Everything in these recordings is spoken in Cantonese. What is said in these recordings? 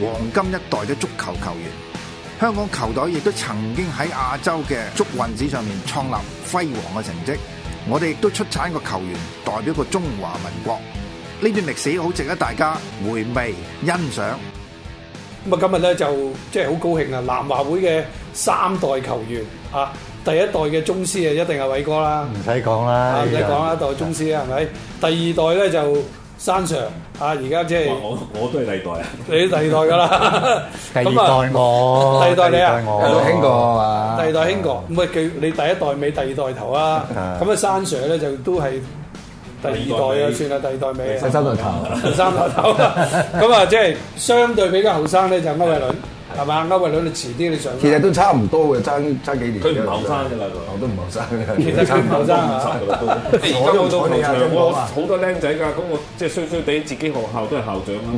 黃金一代嘅足球球員，香港球隊亦都曾經喺亞洲嘅足運史上面創立輝煌嘅成績。我哋亦都出產個球員代表個中華民國，呢段歷史好值得大家回味欣賞。咁啊，今日咧就即係好高興啊！南華會嘅三代球員啊，第一代嘅宗師啊，一定係偉哥啦，唔使講啦，唔使講啦，一代宗師係咪？第二代咧就山上。啊！而家即係我我都係第二代啊！你第二代㗎喇，第二代我，第二代你啊，第二代我，第二代兄哥，唔係叫你第一代尾，第二代頭啊！咁啊，山 Sir 咧就都係第二代啊，算啦，第二代尾第三代頭，第三代頭。咁啊，即係相對比較後生咧，就乜位女嘛？遲啲你上。其實都差唔多嘅，爭幾年。佢唔後生嘅啦，我都唔後生嘅。其實多，差唔多。我好多僆仔㗎，咁我即係衰衰哋，自己學校都係校長啦。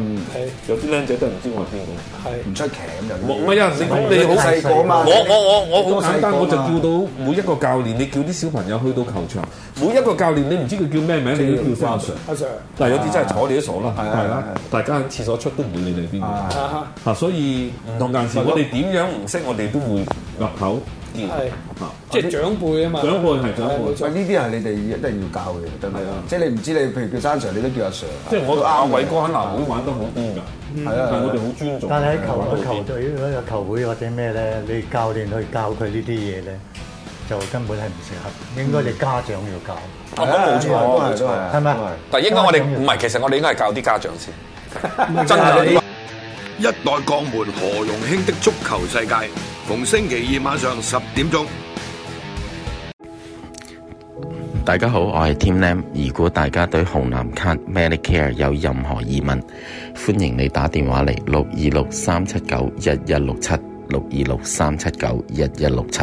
有啲僆仔都唔知我邊個。係唔出奇咁就。有陣時我你好細個嘛。我我我我好我簡單我就叫到每一個教練，你叫啲小朋友去到球場，每一個教練，你唔知佢叫咩名，你都叫阿 Sir。阿 Sir，嗱，有啲真係坐你啲傻啦，係啦，大家喺廁所出都唔會理你係邊個。所以同但時我哋點樣唔識，我哋都會入口見，啊，即係長輩啊嘛。長輩係長輩，呢啲係你哋一定要教嘅，係咪啊？即係你唔知你譬如叫山 Sir，你都叫阿 Sir。即係我阿偉哥喺南港玩都好㗎，係啊，但我哋好尊重。但係喺球隊、球隊或球會或者咩咧，你教練去教佢呢啲嘢咧就根本係唔適合，應該係家長要教。我冇錯，冇錯，係咪？但係應該我哋唔係，其實我哋應該係教啲家長先。真係一代江門何容興的足球世界，逢星期二晚上十點鐘。大家好，我係 Tim Lam。如果大家對紅藍卡 Medicare 有任何疑問，歡迎你打電話嚟六二六三七九一一六七，六二六三七九一一六七。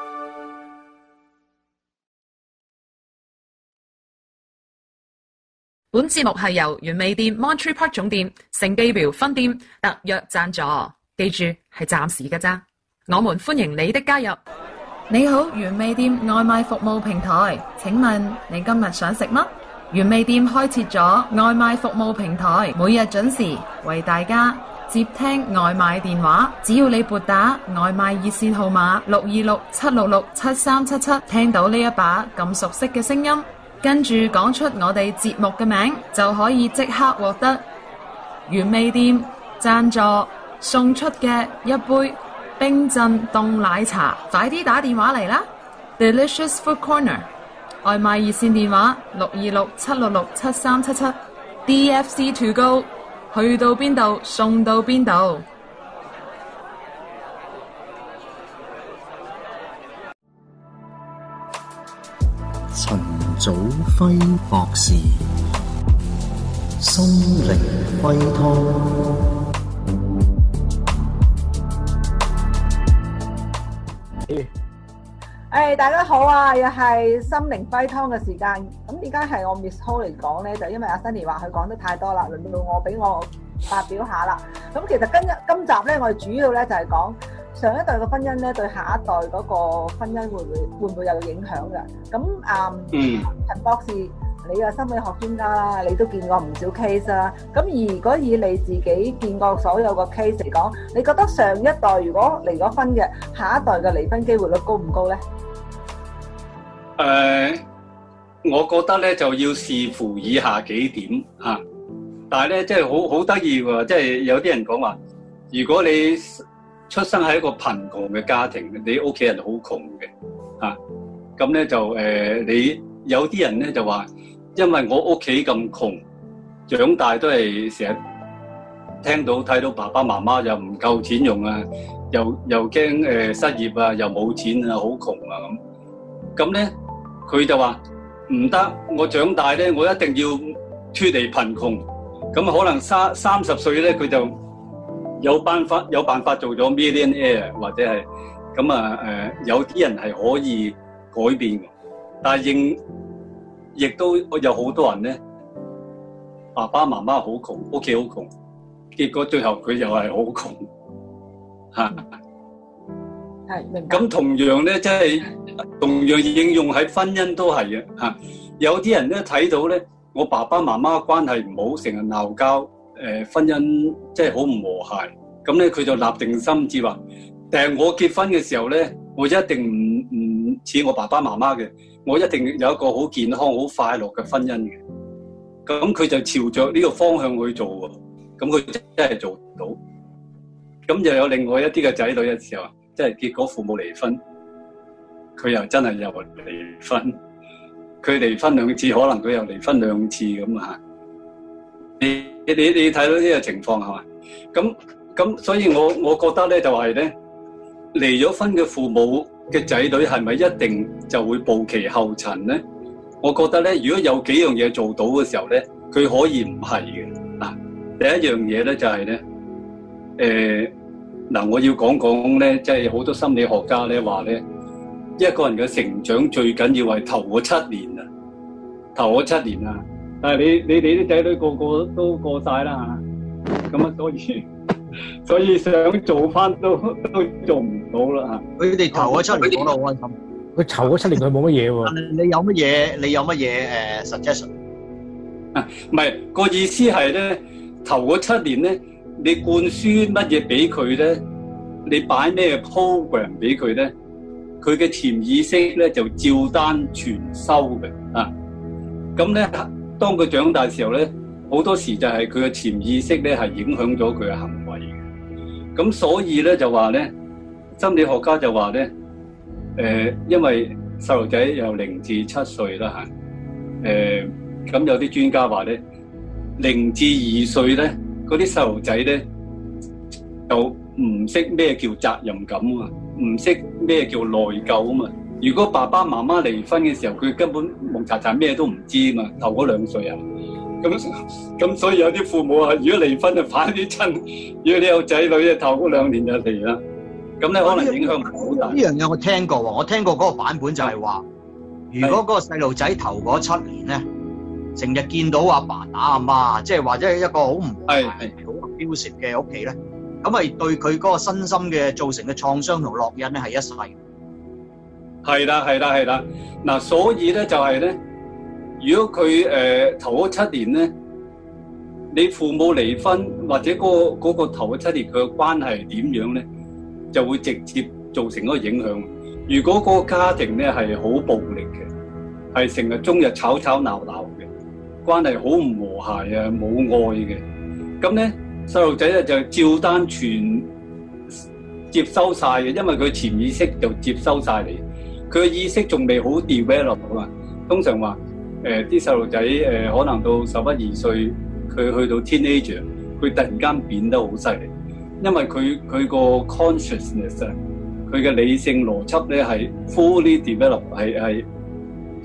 本節目係由原味店 Montreux Park 總店、盛貝錶分店特約贊助，記住係暫時嘅咋。我們歡迎你的加入。你好，原味店外賣服務平台，請問你今日想食乜？原味店開設咗外賣服務平台，每日準時為大家接聽外賣電話。只要你撥打外賣熱線號碼六二六七六六七三七七，7 7, 聽到呢一把咁熟悉嘅聲音，跟住講出我哋節目嘅名，就可以即刻獲得原味店贊助送出嘅一杯冰鎮凍奶茶。快啲打電話嚟啦！Delicious Food Corner 外賣熱線電話六二六七六六七三七七，DFC To Go，去到邊度送到邊度。祖輝博士，心靈輝湯。誒，大家好啊，又係心靈輝湯嘅時間。咁而家係我 Miss Ho 嚟講咧，就因為阿 Sunny 話佢講得太多啦，輪到我俾我發表下啦。咁其實今日今集咧，我哋主要咧就係講。上一代嘅婚姻咧，對下一代嗰個婚姻會唔會會唔會有影響嘅？咁啊，陳博士，你啊心理學專家啦，你都見過唔少 case 啦。咁而如果以你自己見過所有嘅 case 嚟講，你覺得上一代如果離咗婚嘅，下一代嘅離婚機會率高唔高咧？誒，我覺得咧就要視乎以下幾點嚇。但係咧，即係好好得意喎！即係有啲人講話，如果你出生喺一個貧窮嘅家庭，你屋企人好窮嘅，啊，咁咧就誒，你有啲人咧就話，因為我屋企咁窮，長大都係成日聽到睇到爸爸媽媽又唔夠錢用啊，又又驚誒失業啊，又冇錢啊，好窮啊咁，咁咧佢就話唔得，我長大咧我一定要脫離貧窮，咁可能三三十歲咧佢就。有辦法有辦法做咗 millionaire 或者係咁啊，誒有啲人係可以改變嘅，但係應亦都有好多人咧，爸爸媽媽好窮，屋企好窮，結果最後佢又係好窮嚇。係明白、咁、嗯、 同樣咧，即係同樣應用喺婚姻都係嘅嚇。有啲人咧睇到咧，我爸爸媽媽關係唔好，成日鬧交。誒婚姻即係好唔和諧，咁咧佢就立定心志話，但係我結婚嘅時候咧，我一定唔唔似我爸爸媽媽嘅，我一定有一個好健康、好快樂嘅婚姻嘅。咁佢就朝着呢個方向去做喎。咁佢真係做唔到。咁又有另外一啲嘅仔女，嘅時候，即係結果父母離婚，佢又真係又離婚。佢離婚兩次，可能佢又離婚兩次咁啊！你你你睇到呢個情況係嘛？咁咁，所以我我覺得咧就係、是、咧，離咗婚嘅父母嘅仔女係咪一定就會步其後塵咧？我覺得咧，如果有幾樣嘢做到嘅時候咧，佢可以唔係嘅嗱。第一樣嘢咧就係咧，誒、呃、嗱，我要講講咧，即係好多心理學家咧話咧，一個人嘅成長最緊要係頭嗰七年啊，頭嗰七年啊。但係你你哋啲仔女個個都過晒啦吓，咁啊所以所以想做翻都都做唔到啦。佢哋頭咗七年，講得好開心。佢頭咗七年，佢冇乜嘢喎。你有乜嘢？你有乜嘢？誒，suggestion 啊，唔係個意思係咧，頭嗰七年咧，你灌輸乜嘢俾佢咧？你擺咩 program 俾佢咧？佢嘅潛意識咧就照單全收嘅啊。咁咧。當佢長大時候咧，好多時就係佢嘅潛意識咧係影響咗佢嘅行為嘅。咁所以咧就話咧，心理學家就話咧，誒、呃，因為細路仔由零至七歲啦吓，誒、呃，咁有啲專家話咧，零至二歲咧，嗰啲細路仔咧，就唔識咩叫責任感啊，唔識咩叫內疚啊嘛。如果爸爸媽媽離婚嘅時候，佢根本蒙查查咩都唔知嘛，頭嗰兩歲啊，咁、嗯、咁、嗯嗯、所以有啲父母啊，如果離婚就反啲親，如果你有仔女咧，頭嗰兩年就嚟啦，咁咧可能影響唔好大。呢樣嘢我聽過喎，我聽過嗰個版本就係話，是如果嗰個細路仔頭嗰七年咧，成日見到阿爸打阿媽，即係或者係一個好唔係好標誌嘅屋企咧，咁係是是對佢嗰個身心嘅造成嘅創，創傷同烙印咧係一世。係啦，係啦，係啦。嗱、啊，所以咧就係、是、咧，如果佢誒、呃、頭嗰七年咧，你父母離婚或者嗰、那、嗰、個那個頭嗰七年佢嘅關係點樣咧，就會直接造成一個影響。如果個家庭咧係好暴力嘅，係成日中日吵吵鬧鬧嘅，關係好唔和諧啊，冇愛嘅，咁咧細路仔咧就照單全接收晒嘅，因為佢潛意識就接收晒嚟。佢嘅意識仲未好 develop 到啦。通常話，誒啲細路仔誒可能到十一二歲，佢去到 teenager，佢突然間變得好犀利，因為佢佢個 consciousness，佢嘅理性邏輯咧係 fully develop，係係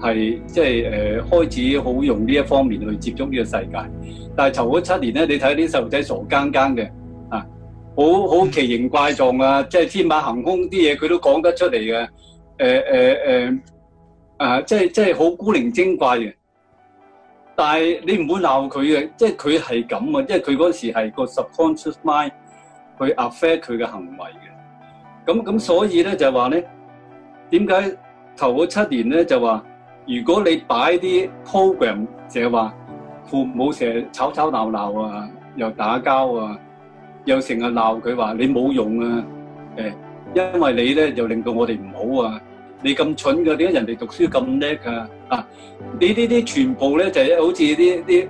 係即係誒、就是呃、開始好用呢一方面去接觸呢個世界。但係頭嗰七年咧，你睇啲細路仔傻更更嘅啊，好好奇形怪狀啊，即、就、係、是、天馬行空啲嘢佢都講得出嚟嘅。誒誒誒，啊！即係即係好古靈精怪嘅，但係你唔好鬧佢嘅，即係佢係咁啊！即係佢嗰時係個 subconscious mind 去 affect 佢嘅行為嘅，咁咁所以咧就話咧，點解頭嗰七年咧就話，如果你擺啲 program，就係話父母成日吵吵鬧鬧啊，又打交啊，又成日鬧佢話你冇用啊，誒，因為你咧就令到我哋唔好啊。你咁蠢嘅，點解人哋讀書咁叻啊？啊！你呢啲全部咧就係、是、好似啲啲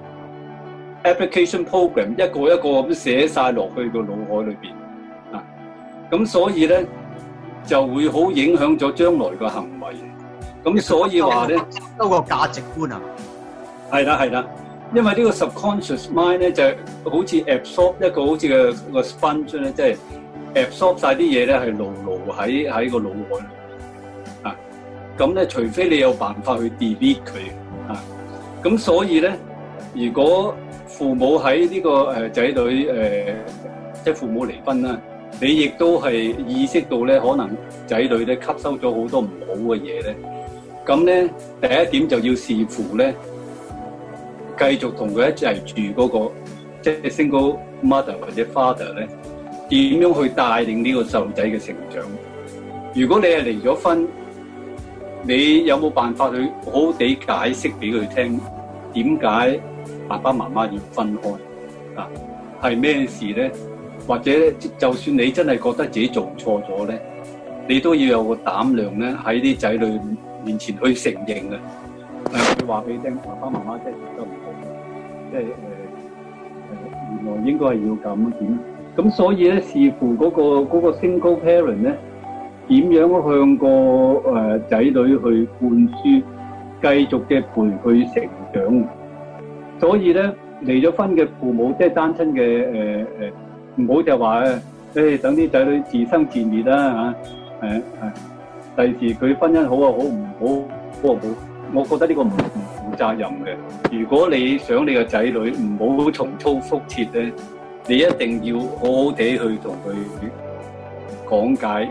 application program 一個一個咁寫曬落去個腦海裏邊啊！咁所以咧就會好影響咗將來嘅行為。咁所以話咧，嗰個價值觀啊，係啦係啦，因為呢個 subconscious mind 咧就係、是、好似 absorb 一個好似嘅、個 sponge 咧，即係 absorb 曬啲嘢咧，係牢牢喺喺個腦海。咁咧，除非你有辦法去 delete 佢啊。咁所以咧，如果父母喺呢個、呃、仔女、呃、即係父母離婚啦，你亦都係意識到咧，可能仔女咧吸收咗好多唔好嘅嘢咧。咁咧，第一點就要視乎咧，繼續同佢一齊住嗰個，即係 single mother 或者 father 咧，點樣去帶領呢個細路仔嘅成長。如果你係離咗婚，你有冇辦法去好好地解釋俾佢聽點解爸爸媽媽要分開啊？係咩事咧？或者就算你真係覺得自己做錯咗咧，你都要有個膽量咧，喺啲仔女面前去承認啊！誒，話俾你聽爸爸媽媽即係做得唔好，即係誒誒，原來應該係要咁點啊？咁所以咧，視乎嗰個嗰個 single parent 咧。點樣向個仔女去灌輸，繼續嘅陪佢成長。所以咧，離咗婚嘅父母，即係單親嘅呃、唔好就話、哎、等啲仔女自生自滅啦嚇，係、啊啊啊、第二，佢婚姻好啊好唔好，我好，好。我覺得呢個唔負責任嘅。如果你想你個仔女唔好重操覆轍咧，你一定要好好地去同佢講解。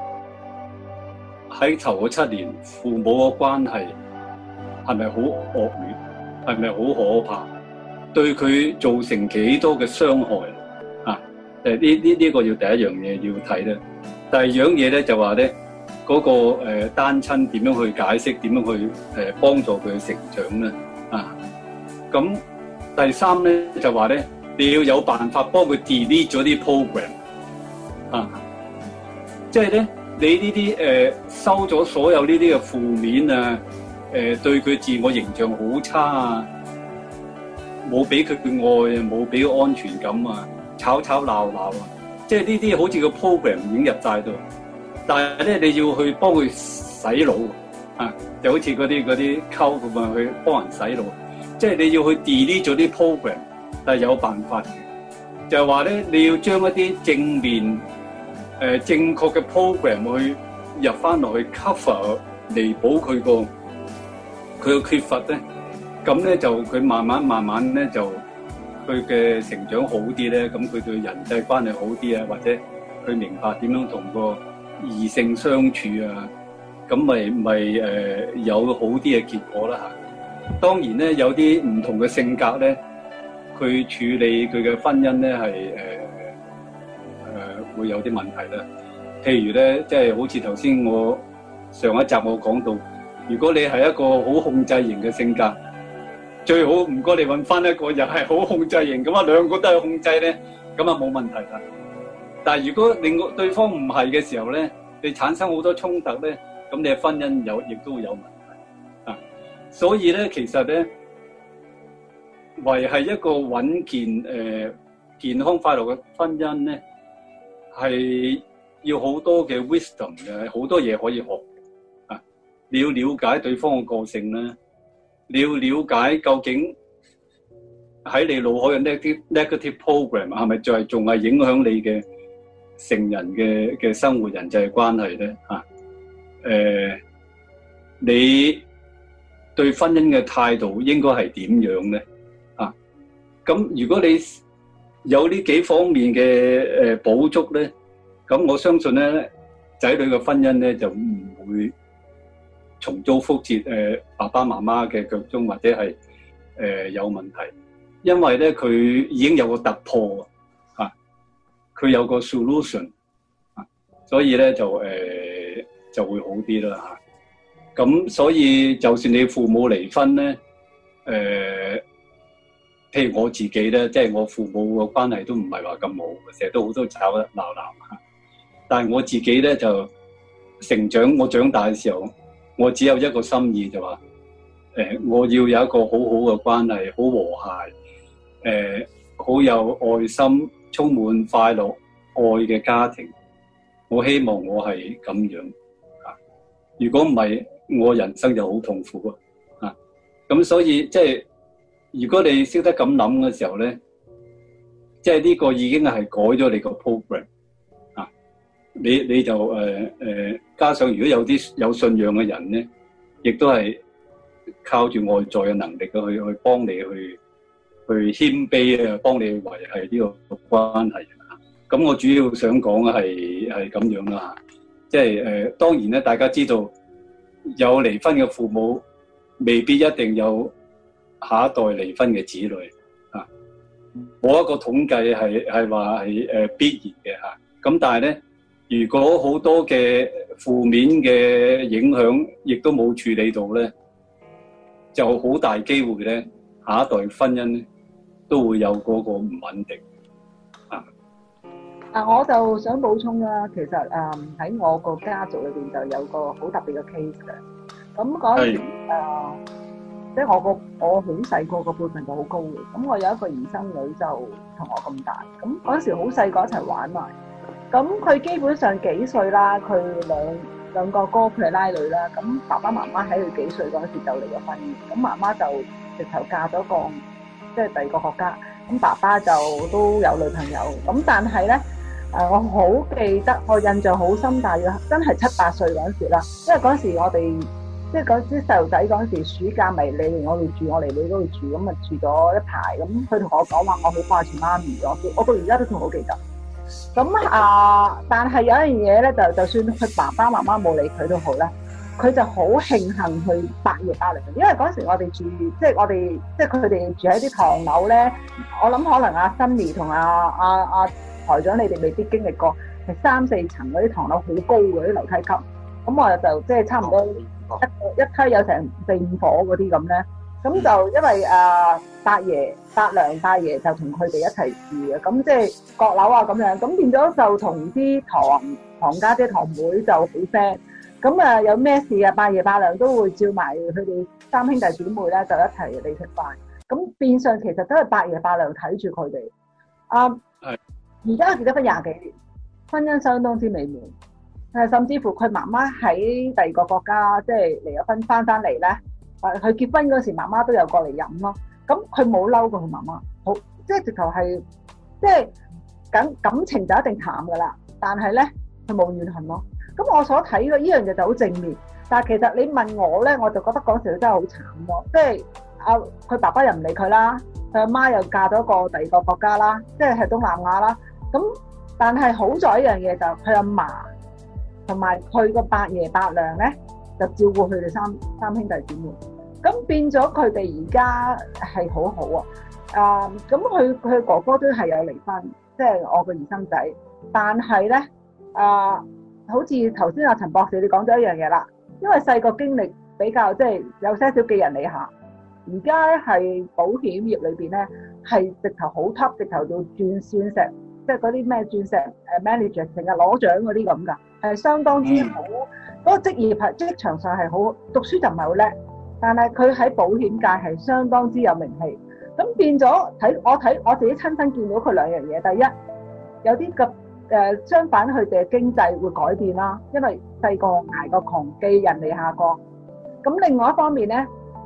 喺頭七年，父母嘅關係係咪好惡劣？係咪好可怕？對佢造成幾多嘅傷害啊？誒呢呢呢個要第一樣嘢要睇咧。第二樣嘢咧就話咧，嗰個誒單親點樣去解釋？點樣去誒幫助佢成長咧？啊，咁第三咧就話咧，你要有辦法幫佢 delete 咗啲 program 啊，即係咧。你呢啲誒收咗所有呢啲嘅負面啊，誒對佢自我形象好差啊，冇俾佢嘅愛，冇俾佢安全感啊，吵吵鬧鬧啊，即係呢啲好似個 program 已經入晒度。但係咧，你要去幫佢洗腦啊，就好似嗰啲啲溝咁啊，去幫人洗腦。即係你要去 delete 咗啲 program，但係有辦法嘅，就係話咧，你要將一啲正面。誒正確嘅 program 去入翻落去，cover 彌補佢個佢嘅缺乏咧，咁咧就佢慢慢慢慢咧就佢嘅成長好啲咧，咁佢對人際關係好啲啊，或者佢明白點樣同個異性相處啊，咁咪咪誒有好啲嘅結果啦嚇。當然咧，有啲唔同嘅性格咧，佢處理佢嘅婚姻咧係誒。會有啲問題啦，譬如咧，即係好似頭先我上一集我講到，如果你係一個好控制型嘅性格，最好唔該你搵翻一個又係好控制型，咁啊兩個都係控制咧，咁啊冇問題啦。但係如果你對方唔係嘅時候咧，你產生好多衝突咧，咁你嘅婚姻有亦都會有問題啊。所以咧，其實咧，維繫一個穩健誒健康快樂嘅婚姻咧。係要好多嘅 wisdom 嘅，好多嘢可以學啊！你要了解對方嘅個性咧，你要了解究竟喺你腦海嘅 negative negative program 係咪仲係仲係影響你嘅成人嘅嘅生活人際關係咧？啊！誒，你對婚姻嘅態度應該係點樣咧？啊！咁如果你有呢幾方面嘅誒補足咧，咁我相信咧，仔女嘅婚姻咧就唔會重蹈覆轍，誒、呃、爸爸媽媽嘅腳蹤或者係誒、呃、有問題，因為咧佢已經有個突破啊，佢有個 solution 啊，所以咧就誒、呃、就會好啲啦嚇。咁、啊、所以就算你父母離婚咧，誒、呃。譬如我自己咧，即係我父母嘅關係都唔係話咁好，成日都好多吵鬧鬧。但係我自己咧就成長，我長大嘅時候，我只有一個心意就話，誒、欸，我要有一個好好嘅關係，好和諧，誒、欸，好有愛心，充滿快樂愛嘅家庭。我希望我係咁樣、啊。如果唔係，我人生就好痛苦啊！啊，咁所以即係。就是如果你識得咁諗嘅時候咧，即係呢個已經係改咗你個 program 啊！你你就誒、呃、加上如果有啲有信仰嘅人咧，亦都係靠住外在嘅能力嘅去去幫你去去謙卑啊，幫你維係呢個關係。咁我主要想講係係咁樣啦，即係誒、呃，當然咧，大家知道有離婚嘅父母未必一定有。下一代離婚嘅子女啊，我一個統計係係話係誒必然嘅嚇。咁、啊、但係咧，如果好多嘅負面嘅影響亦都冇處理到咧，就好大機會咧，下一代婚姻咧都會有嗰個唔穩定。啊！啊！我就想補充啦，其實誒喺、嗯、我個家族裏邊就有一個好特別嘅 case 嘅。咁講誒。即係我個我好細個個輩份就好高嘅，咁我有一個兒生女就同我咁大，咁嗰陣時好細個一齊玩埋，咁佢基本上幾歲啦？佢兩兩個哥佢係拉女啦，咁爸爸媽媽喺佢幾歲嗰陣時就離咗婚嘅，咁媽媽就直頭嫁咗個即係第二個國家，咁爸爸就都有女朋友，咁但係咧誒，我好記得我印象好深，大約真係七八歲嗰陣時啦，因為嗰陣時我哋。即係嗰時細路仔嗰陣時，暑假咪你嚟我度住，我嚟你嗰度住，咁、嗯、啊住咗一排。咁佢同我講話，我好掛住媽咪咗。我到而家都仲好記得。咁、嗯、啊，但係有一樣嘢咧，就就算佢爸爸媽媽冇理佢都好咧，佢就好慶幸去八月八日。因為嗰陣時我哋住，即係我哋即係佢哋住喺啲唐樓咧。我諗可能阿 Sunny 同阿阿阿台長，你哋未必經歷過，係三四層嗰啲唐樓好高嘅啲樓梯級。咁、嗯、我就即係差唔多。一個一梯有成四五夥嗰啲咁咧，咁就因為啊八爺八娘八爺就同佢哋一齊住嘅，咁即係閣樓啊咁樣，咁變咗就同啲堂堂家姐堂妹就好 friend。咁啊有咩事啊，八爺八娘都會照埋佢哋三兄弟姊妹咧，就一齊嚟食飯。咁變相其實都係八爺八娘睇住佢哋。啊，而家結咗婚廿幾年，婚姻相當之美滿。誒，甚至乎佢媽媽喺第二個國家，即係離咗婚翻返嚟咧。誒，佢結婚嗰時，媽媽都有過嚟飲咯。咁佢冇嬲過佢媽媽，好，即係直頭係，即係感感情就一定淡噶啦。但係咧，佢冇怨恨咯。咁我所睇嘅，呢樣嘢就好正面。但係其實你問我咧，我就覺得嗰時佢真係好慘咯。即係阿佢爸爸又唔理佢啦，佢阿媽又嫁咗個第二個國家啦，即係係東南亞啦。咁但係好在一樣嘢就佢阿嫲。同埋佢個伯爺伯娘咧，就照顧佢哋三三兄弟姊妹，咁變咗佢哋而家係好好啊！啊、呃，咁佢佢哥哥都係有離婚，即、就、係、是、我個二生仔，但係咧啊，好似頭先阿陳博士你講咗一樣嘢啦，因為細個經歷比較即係、就是、有些少寄人籬下，而家係保險業裏邊咧係直頭好 top，直頭到鑽鑽石，即係嗰啲咩鑽石誒、呃、manager，成日攞獎嗰啲咁㗎。係相當之好，嗰個職業係職場上係好讀書就唔係好叻，但係佢喺保險界係相當之有名氣。咁變咗睇我睇我自己親身見到佢兩樣嘢，第一有啲嘅誒相反，佢哋嘅經濟會改變啦，因為細個捱過窮，寄人籬下過。咁另外一方面咧，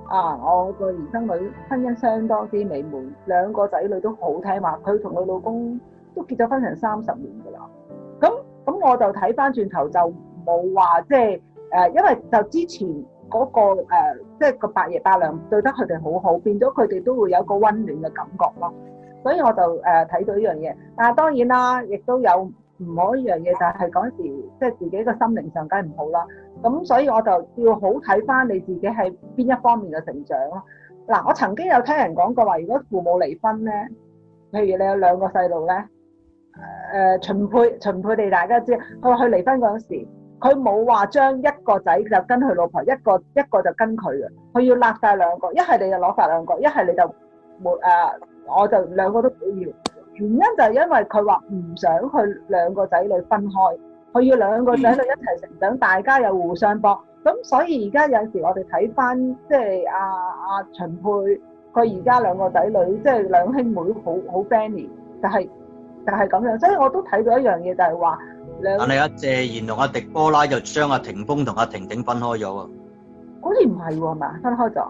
啊我個親生女婚姻相當之美滿，兩個仔女都好聽話，佢同佢老公都結咗婚成三十年㗎啦。咁我就睇翻轉頭就冇話即係誒，因為就之前嗰、那個即係、呃就是、個伯爺伯娘對得佢哋好好，變咗佢哋都會有個溫暖嘅感覺咯。所以我就誒睇、呃、到呢樣嘢，但係當然啦，亦都有唔好依樣嘢，就係嗰時即係自己個心靈上梗係唔好啦。咁所以我就要好睇翻你自己係邊一方面嘅成長咯。嗱，我曾經有聽人講過話，如果父母離婚咧，譬如你有兩個細路咧。誒秦、呃、佩秦佩哋，大家知佢話佢離婚嗰陣時，佢冇話將一個仔就跟佢老婆，一個一個就跟佢嘅。佢要攬晒兩個，一係你就攞翻兩個，一係你就冇誒、呃，我就兩個都唔要。原因就係因為佢話唔想佢兩個仔女分開，佢要兩個仔女一齊成長，嗯、大家又互相幫。咁所以而家有陣時我，我哋睇翻即係阿阿秦佩佢而家兩個仔女，即係兩兄妹好好 friend 就係、是。就係咁樣，所以我都睇到一樣嘢，就係話兩。但係阿謝賢同阿迪波拉就將阿霆鋒同阿婷婷分開咗啊！好似唔係喎嘛，分開咗。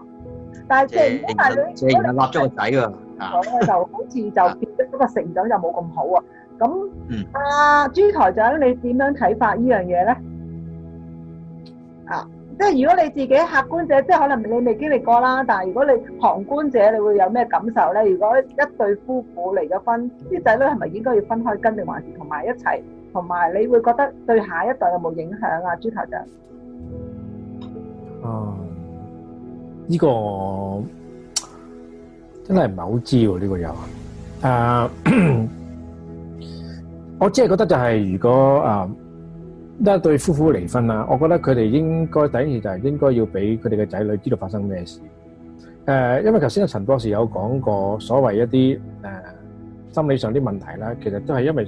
但係謝賢，但係佢，佢哋立咗個仔喎。啊，就好似就變咗嗰個成長就冇咁好喎。咁，阿朱台長你點樣睇法呢樣嘢咧？啊！即係如果你自己客觀者，即係可能你未經歷過啦。但係如果你旁觀者，你會有咩感受咧？如果一對夫婦離咗婚，啲仔女係咪應該要分開跟定還是同埋一齊？同埋你會覺得對下一代有冇影響豬啊？豬頭長，哦，依、這個真係唔係好知喎，呢個又啊， 我只係覺得就係、係、如果啊。一對夫婦離婚啦，我覺得佢哋應該第一件事就係應該要俾佢哋嘅仔女知道發生咩事。誒、呃，因為頭先阿陳博士有講過所謂一啲誒、呃、心理上啲問題啦，其實都係因為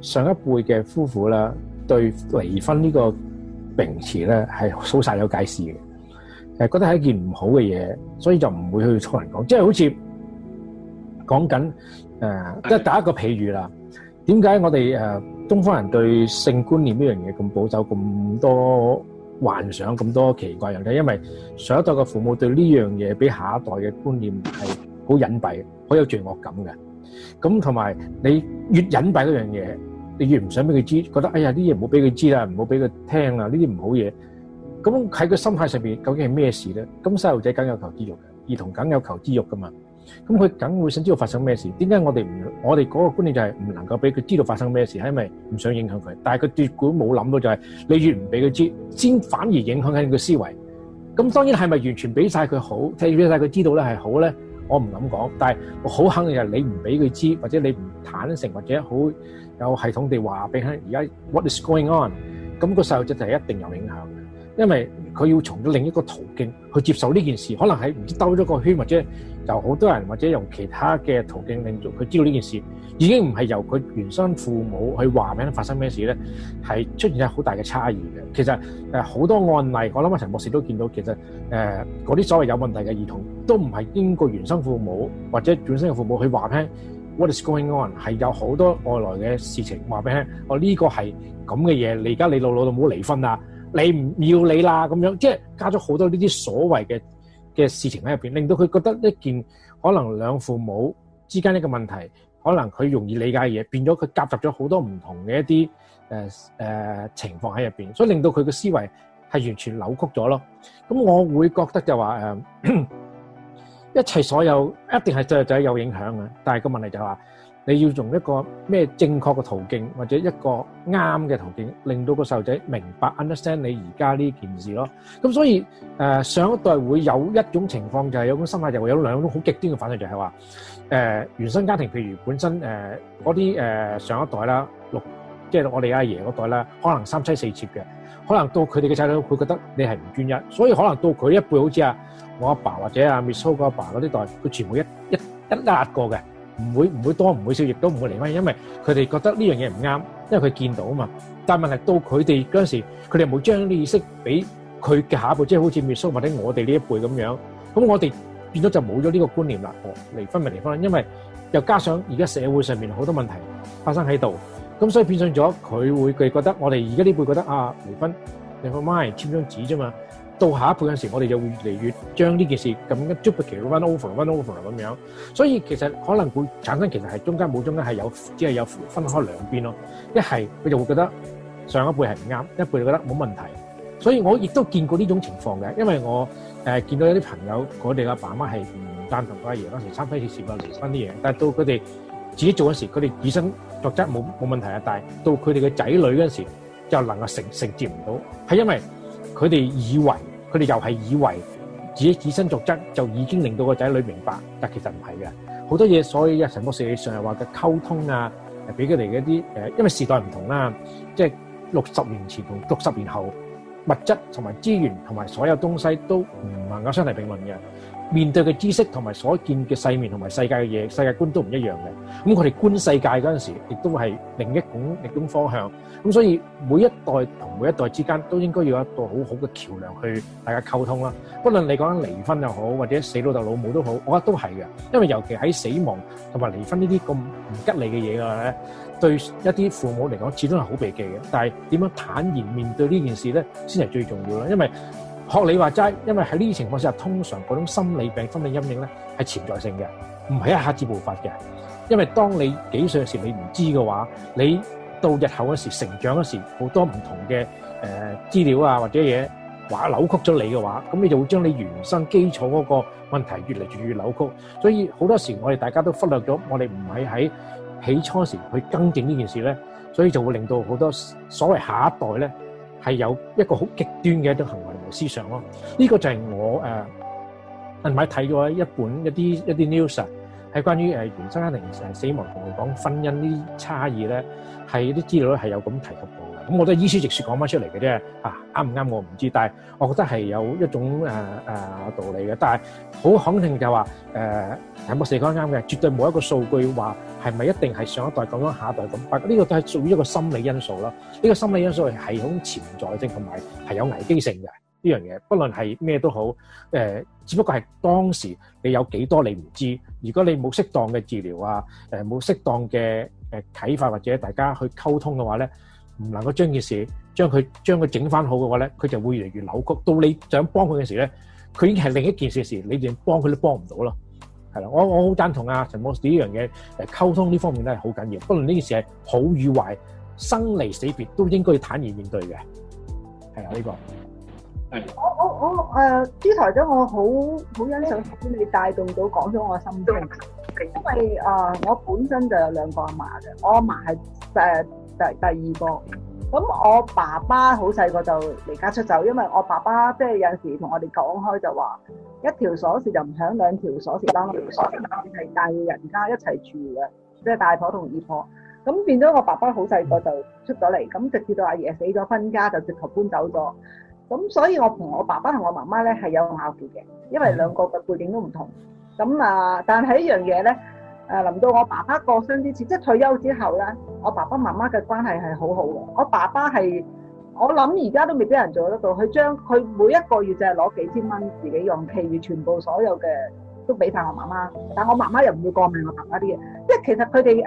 上一輩嘅夫婦啦，對離婚呢個名詞咧係好晒有解釋嘅，係、呃、覺得係一件唔好嘅嘢，所以就唔會去出嚟講。即係好似講緊誒，即係、呃、是打一個譬喻啦。點解我哋誒？呃東方人對性觀念呢樣嘢咁保守，咁多幻想，咁多奇怪人咧，因為上一代嘅父母對呢樣嘢比下一代嘅觀念係好隱蔽，好有罪惡感嘅。咁同埋你越隱蔽嗰樣嘢，你越唔想俾佢知道，覺得哎呀，啲嘢唔好俾佢知啦，唔好俾佢聽啦，呢啲唔好嘢。咁喺個心態上邊究竟係咩事咧？咁細路仔梗有求知慾嘅，兒童梗有求知慾噶嘛。咁佢梗會想知道發生咩事？點解我哋唔？我哋嗰個觀念就係唔能夠俾佢知道發生咩事，係因為唔想影響佢。但係佢斷估冇諗到就係，你越唔俾佢知道，先反而影響緊佢思維。咁當然係咪完全俾晒佢好？即係俾晒佢知道咧係好咧？我唔敢講。但係我好肯定係你唔俾佢知道，或者你唔坦誠，或者好有系統地話俾佢。而家 what is going on？咁個細路仔就係一定有影響，因為。佢要從另一個途徑去接受呢件事，可能係唔知兜咗個圈，或者由好多人，或者用其他嘅途徑令到佢知道呢件事，已經唔係由佢原生父母去話俾佢發生咩事咧，係出現咗好大嘅差異嘅。其實誒好、呃、多案例，我諗阿陳博士都見到，其實誒嗰啲所謂有問題嘅兒童，都唔係經過原生父母或者轉生嘅父母去話俾佢 What is going on，係有好多外來嘅事情話俾佢聽，我呢個係咁嘅嘢，你而家你老老老冇離婚啦。你唔要你啦，咁樣即係加咗好多呢啲所謂嘅嘅事情喺入邊，令到佢覺得一件可能兩父母之間一個問題，可能佢容易理解嘢，變咗佢夾雜咗好多唔同嘅一啲誒誒情況喺入邊，所以令到佢嘅思維係完全扭曲咗咯。咁我會覺得就話誒，一切所有一定係對仔有影響嘅，但係個問題就係話。你要用一個咩正確嘅途徑，或者一個啱嘅途徑，令到個細路仔明白 understand 你而家呢件事咯。咁所以誒上一代會有一種情況，就係有種心態，就會有兩種好極端嘅反應，就是，就係話誒原生家庭，譬如本身誒嗰啲誒上一代啦，六即係我哋阿爺嗰代啦，可能三妻四妾嘅，可能到佢哋嘅仔女，佢覺得你係唔專一，所以可能到佢一輩，好似啊我阿爸，爸或者阿 Miss Ho 個阿爸嗰啲代，佢全部一一一壓過嘅。唔會唔會多唔會少，亦都唔會離婚，因為佢哋覺得呢樣嘢唔啱，因為佢見到啊嘛。但問題到佢哋嗰陣時，佢哋冇將啲意識俾佢嘅下一步，即係好似滅穌或者我哋呢一輩咁樣。咁我哋變咗就冇咗呢個觀念啦。離婚咪離婚，因為又加上而家社會上面好多問題發生喺度，咁所以變相咗佢會佢覺得我哋而家呢輩覺得啊離婚你個媽咪簽張紙啫嘛。到下一輩嗰時候，我哋就會越嚟越將呢件事咁樣 duplicate run over and over 咁樣，所以其實可能會產生其實係中間冇中間，係有只係有分開兩邊咯。一係佢就會覺得上一輩係唔啱，一輩就覺得冇問題。所以我亦都見過呢種情況嘅，因為我誒、呃、見到有啲朋友，我哋阿爸媽係唔贊同佢阿爺嗰時三妻四妾，嗰時離婚啲嘢，但到佢哋自己做嗰時，佢哋以身作則冇冇問題啊。但到佢哋嘅仔女嗰時，就能夠承承接唔到，係因為佢哋以為，佢哋又係以為自己以身作則，就已經令到個仔女明白，但其實唔係嘅。好多嘢，所以一神博士嘅常日話嘅溝通啊，俾佢哋嘅一啲誒，因為時代唔同啦，即係六十年前同六十年後，物質同埋資源同埋所有東西都唔能夠相提並論嘅。面對嘅知識同埋所見嘅世面同埋世界嘅嘢、世界觀都唔一樣嘅。咁佢哋觀世界嗰陣時，亦都係另一種另一種方向。咁所以每一代同每一代之間都應該有一個好好嘅橋梁去大家溝通啦。不論你講離婚又好，或者死老豆老母都好，我覺得都係嘅。因為尤其喺死亡同埋離婚呢啲咁唔吉利嘅嘢嘅咧，對一啲父母嚟講，始終係好避忌嘅。但係點樣坦然面對呢件事咧，先係最重要啦。因為學你話齋，因為喺呢啲情況下，通常嗰種心理病、心理陰影咧係潛在性嘅，唔係一下子爆發嘅。因為當你幾歲嘅時，你唔知嘅話，你到日後嗰時候成長嗰時候，好多唔同嘅誒資料啊，或者嘢話扭曲咗你嘅話，咁你就會將你原生基礎嗰個問題越嚟越來越扭曲。所以好多時我哋大家都忽略咗，我哋唔係喺起初時去更正呢件事咧，所以就會令到好多所謂下一代咧係有一個好極端嘅一啲行為。思想咯，呢、這個就係我誒近排睇咗一本一啲一啲 news 係關於誒原生家庭成死亡同埋講婚姻啲差異咧，係啲資料係有咁提及到嘅。咁我、啊、我、我覺得依書直説講翻出嚟嘅啫，嚇啱唔啱我唔知，但係我覺得係有一種誒誒、呃呃、道理嘅。但係好肯定就話誒陳博士講得啱嘅，絕對冇一個數據話係咪一定係上一代咁樣，講到下一代咁。不過呢個都係屬於一個心理因素咯。呢、這個心理因素係有潛在性同埋係有危機性嘅。呢樣嘢，不論係咩都好，誒、呃，只不過係當時你有幾多你唔知。如果你冇適當嘅治療啊，誒、呃，冇適當嘅誒啟發或者大家去溝通嘅話咧，唔能夠將件事將佢將佢整翻好嘅話咧，佢就會越嚟越扭曲。到你想幫佢嘅時咧，佢已經係另一件事嘅、啊、事，你連幫佢都幫唔到咯。係啦，我我好贊同阿陳博士呢樣嘢，誒溝通呢方面咧係好緊要。不論呢件事係好與壞、生離死別，都應該要坦然面對嘅。係啊，呢、這個。 我我我誒，祖、呃、台長我好好欣賞 你帶動到講咗我心中。因為啊、呃，我本身就有兩個阿嫲嘅，我阿嫲係誒第第二個咁。我爸爸好細個就離家出走，因為我爸爸即係、就是、有時同我哋講開就話一條鎖匙就唔響，兩條鎖匙啦。我哋係大戶人家一齊住嘅，即、就、係、是、大婆同二婆咁，變咗我爸爸好細個就出咗嚟，咁直至到阿爺死咗分家就直頭搬走咗。咁所以我同我爸爸同我媽媽咧係有拗撬嘅，因為兩個嘅背景都唔同。咁啊，但係一樣嘢咧，誒臨到我爸爸過身之前，即係退休之後咧，我爸爸媽媽嘅關係係好好嘅。我爸爸係我諗而家都未俾人做得到，佢將佢每一個月就係攞幾千蚊自己用，其餘全部所有嘅都俾曬我媽媽。但我媽媽又唔會過問我爸爸啲嘢，即係其實佢哋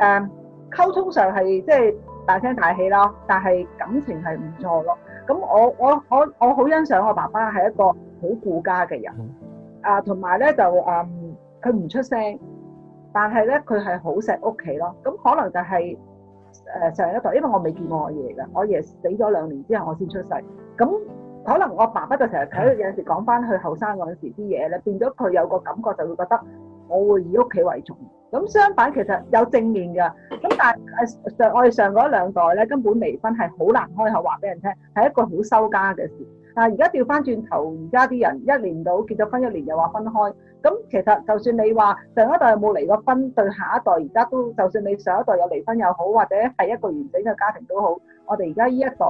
誒溝通上係即係大聲大氣啦，但係感情係唔錯咯。咁我我我我好欣賞我爸爸係一個好顧家嘅人，啊，同埋咧就誒，佢唔出聲，但係咧佢係好錫屋企咯。咁可能就係誒上一代，因為我未見過我爺嘅，我爺死咗兩年之後我先出世，咁可能我爸爸就成日喺度有時講翻佢後生嗰陣時啲嘢咧，變咗佢有個感覺就會覺得。我會以屋企為重，咁相反其實有正面嘅，咁但係誒上我哋上嗰兩代咧，根本離婚係好難開口話俾人聽，係一個好收家嘅事。嗱而家調翻轉頭，而家啲人一年到結咗婚，一年又話分開，咁其實就算你話上一代冇離過婚，對下一代而家都，就算你上一代有離婚又好，或者係一個完整嘅家庭都好，我哋而家呢一代就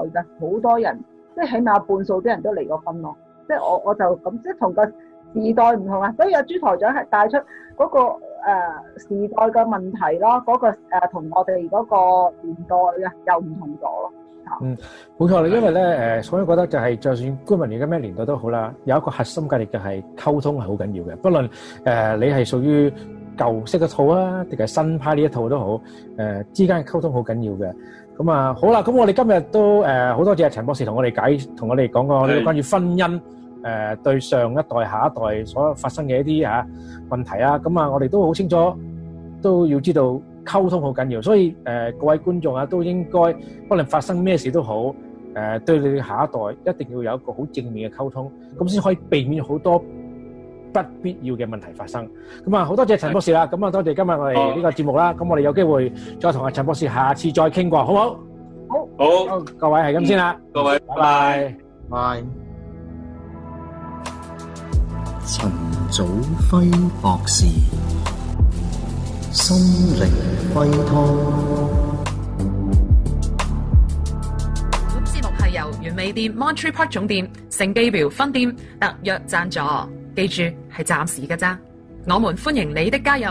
好多人，即係起碼半數啲人都離過婚咯。即係我我就咁，即係同個。時代唔同啊，所以阿朱台長係帶出嗰、那個誒、呃、時代嘅問題咯，嗰、那個同、呃、我哋嗰個年代啊又唔同咗咯。嗯，冇錯啦，因為咧是的、呃、所以覺得就係、是，就算居民而家咩年代都好啦，有一個核心價值就係溝通係好緊要嘅。不論誒、呃、你係屬於舊式嘅套啊，定係新派呢一套都好，誒、呃、之間嘅溝通好緊要嘅。咁、嗯、啊，好啦，咁我哋今日都誒好、呃、多謝陳博士同我哋解，同我哋講個關於婚姻。誒，對上一代、下一代所發生嘅一啲啊問題啊，咁啊，我哋都好清楚，都要知道溝通好緊要，所以誒，各位觀眾啊，都應該不論發生咩事都好，誒，對你哋下一代一定要有一個好正面嘅溝通，咁先可以避免好多不必要嘅問題發生。咁啊，好多謝陳博士啦，咁啊，多謝今日我哋呢個節目啦，咁我哋有機會再同阿陳博士下次再傾過，好唔好？好，好，各位係咁先啦，各位，拜拜，拜。陳祖輝博士，心靈輝湯。本節目係由原味店 Montreal Park 總店、盛基廟分店特約贊助，記住係暫時嘅咋。我們歡迎你的加入。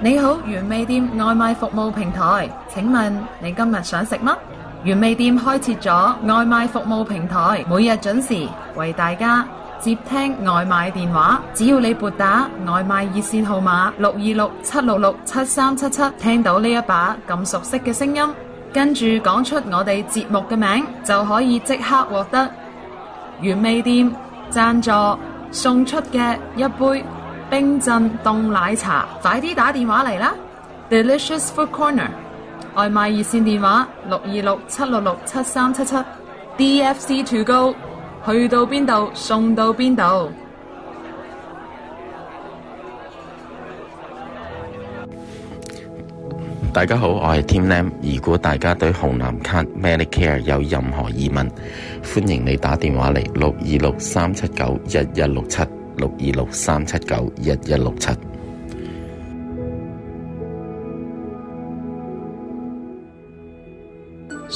你好，原味店外賣服務平台，請問你今日想食嗎？原味店開設咗外賣服務平台，每日準時為大家，接聽外賣電話，只要你撥打外賣熱線號碼六二六七六六七三七七，7 7，聽到呢一把咁熟悉嘅聲音，跟住講出我哋節目嘅名，就可以即刻獲得原味店贊助送出嘅一杯冰鎮凍奶茶，快啲打電話嚟啦！Delicious Food Corner 外賣熱線電話六二六七六六七三七七，DFC To Go。去到邊度，送到邊度？大家好，我係 Tim Lam。如果大家對紅藍卡 Medicare 有任何疑問，歡迎你打電話嚟六二六三七九一一六七，六二六三七九一一六七。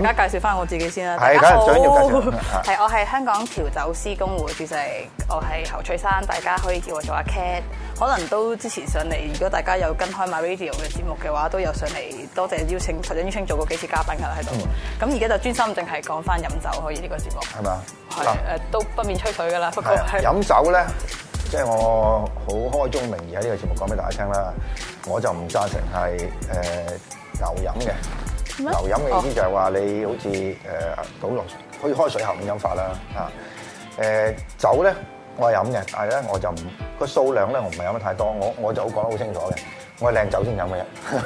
大家介紹翻我自己先啦。大家好，係我係香港調酒師公會主席，我係侯翠珊。大家可以叫我做阿 Cat。可能都之前上嚟，如果大家有跟開 my radio 嘅節目嘅話，都有上嚟，多謝邀請或者邀請做過幾次嘉賓噶啦喺度。咁而家就專心淨係講翻飲酒，可以呢個節目係咪啊？係誒，都不免吹水噶啦。不過飲酒咧，即係我好開宗明義喺呢個節目講俾大家聽啦，我就唔贊成係誒牛飲嘅。What ? Oh. 牛飲嘅意思就係話你好似誒倒落去，可以開水喉飲法啦，啊、呃、誒酒咧，我係飲嘅，但係咧我就唔，個數量咧，我唔係飲得太多，我我就講得好清楚嘅，我係靚酒先飲嘅。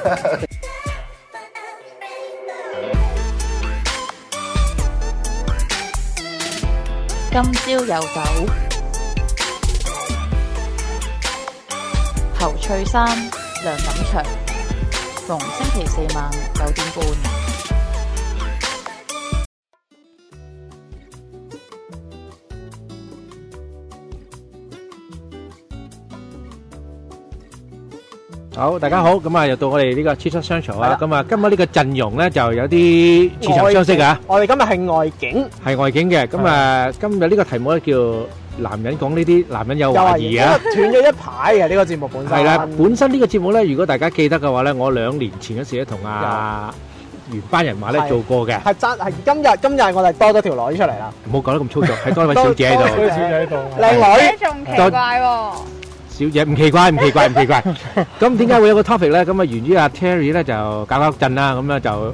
今朝有酒，侯翠珊、梁錦祥。逢星期四晚九點半。好，大家好，咁啊，又到我哋呢個七七商場啦。咁啊，今日呢個陣容咧就有啲似曾相識啊。我哋今日係外景，係外景嘅。咁啊，今日呢個題目咧叫。男人講呢啲，男人有話兒啊！斷咗一排嘅呢個節目本身係啦，本身呢個節目咧，如果大家記得嘅話咧，我兩年前嗰時咧同阿原班人馬咧做過嘅係係今日，今日我哋多咗條女出嚟啦，唔好講得咁粗俗，係多位小姐喺度，小姐喺度，靚女仲奇怪喎，小姐唔奇怪，唔奇怪，唔奇怪，咁點解會有個 topic 咧？咁啊，源於阿 Terry 咧就搞搞震啦，咁咧就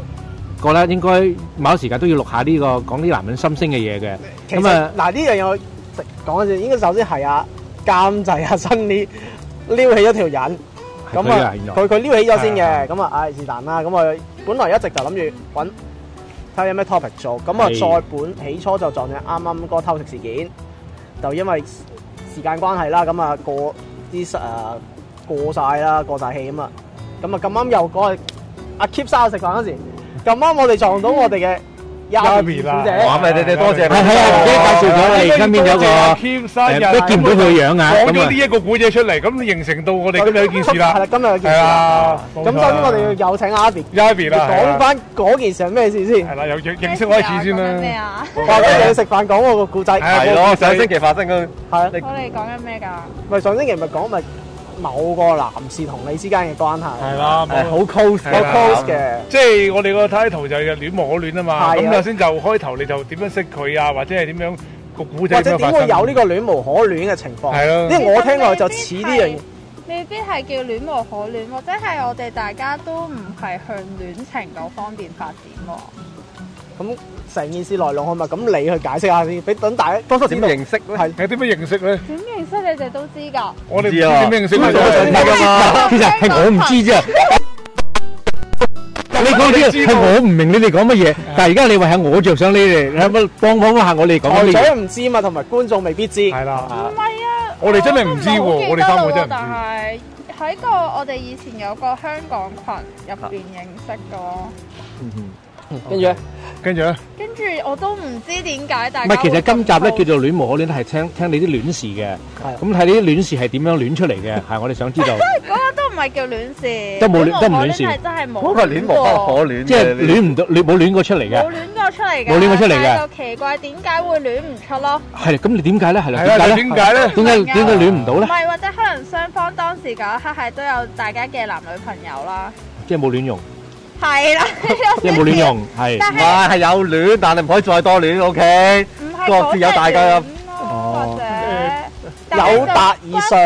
覺得應該某時間都要錄下呢個講啲男人心聲嘅嘢嘅，咁啊嗱呢樣嘢。講嗰陣，應該首先係啊監製阿新呢撩起咗一條人，咁啊，佢佢撩起咗先嘅，咁啊唉是但的啦，咁啊的本來一直就諗住搵睇下有咩 topic 做，咁啊再本起初就撞正啱啱嗰偷食事件，的就因為時間關係啦，咁啊過啲誒過晒啦，過晒氣咁啊，咁啊咁啱又講阿阿 Keith 沙我食飯嗰時，咁啱我哋撞到我哋嘅，嗯。阿 B 啦，我咪你哋多謝。我係啊，我介紹咗你，身邊有個，誒，都見唔到佢樣啊。咁啊，講咗呢一個古仔出嚟，咁形成到我哋今日呢件事啦。係啦，今日係啊。咁首先我哋要有請阿 B，阿 B 啦，講翻嗰件事係咩先先？係啦，有認認識開始先啦。講緊咩啊？話緊食飯講我個古仔。係咯，上星期發生嘅。係。我哋講緊咩㗎？唔係上星期唔係講咪？某個男士同你之間嘅關係係啦，好 close 嘅，即係、就是、我哋個 title 就係戀無可戀啊嘛。咁頭先就開頭你就點樣識佢啊，或者係點樣個故仔？或者點會有呢個戀無可戀嘅情況？係咯，因為我聽落就似啲嘢，未必係叫戀無可戀，或者係我哋大家都唔係向戀情嗰方面發展喎、啊。咁、嗯。成件事來龍去脈，咁你去解釋下先，俾等大家多數點認識咧？係係點樣認識咧？點認識你哋都知㗎。我哋知啊。點認識啊？其實係我唔知啫。你講啲係我唔明你哋講乜嘢，但係而家你話係我著想你哋，幫幫下我哋講。我哋唔知嘛，同埋觀眾未必知。係啦。唔係啊。我哋真係唔知喎，我哋三個真係唔知。喺個我哋以前有個香港群入邊認識㗎。嗯嗯，跟住。跟住咧，跟住我都唔知點解，但係其實今集咧叫做《戀無可戀》，係聽聽你啲戀事嘅，係咁睇你啲戀事係點樣戀出嚟嘅，係我哋想知道。嗰個都唔係叫戀事，都冇戀，都冇戀事，真係冇。嗰個戀無可戀，即係戀唔到，戀冇戀過出嚟嘅，冇戀過出嚟嘅，冇戀過出嚟嘅，但奇怪，點解會戀唔出咯？係，咁你點解咧？係啦，點解咧？點解咧？點解戀唔到咧？唔係，或者可能雙方當時嗰刻係都有大家嘅男女朋友啦，即係冇戀用。係啦，即係冇亂用，係唔係？係有戀，但係唔可以再多戀，OK？各自有大家，哦、或者、呃、有百以上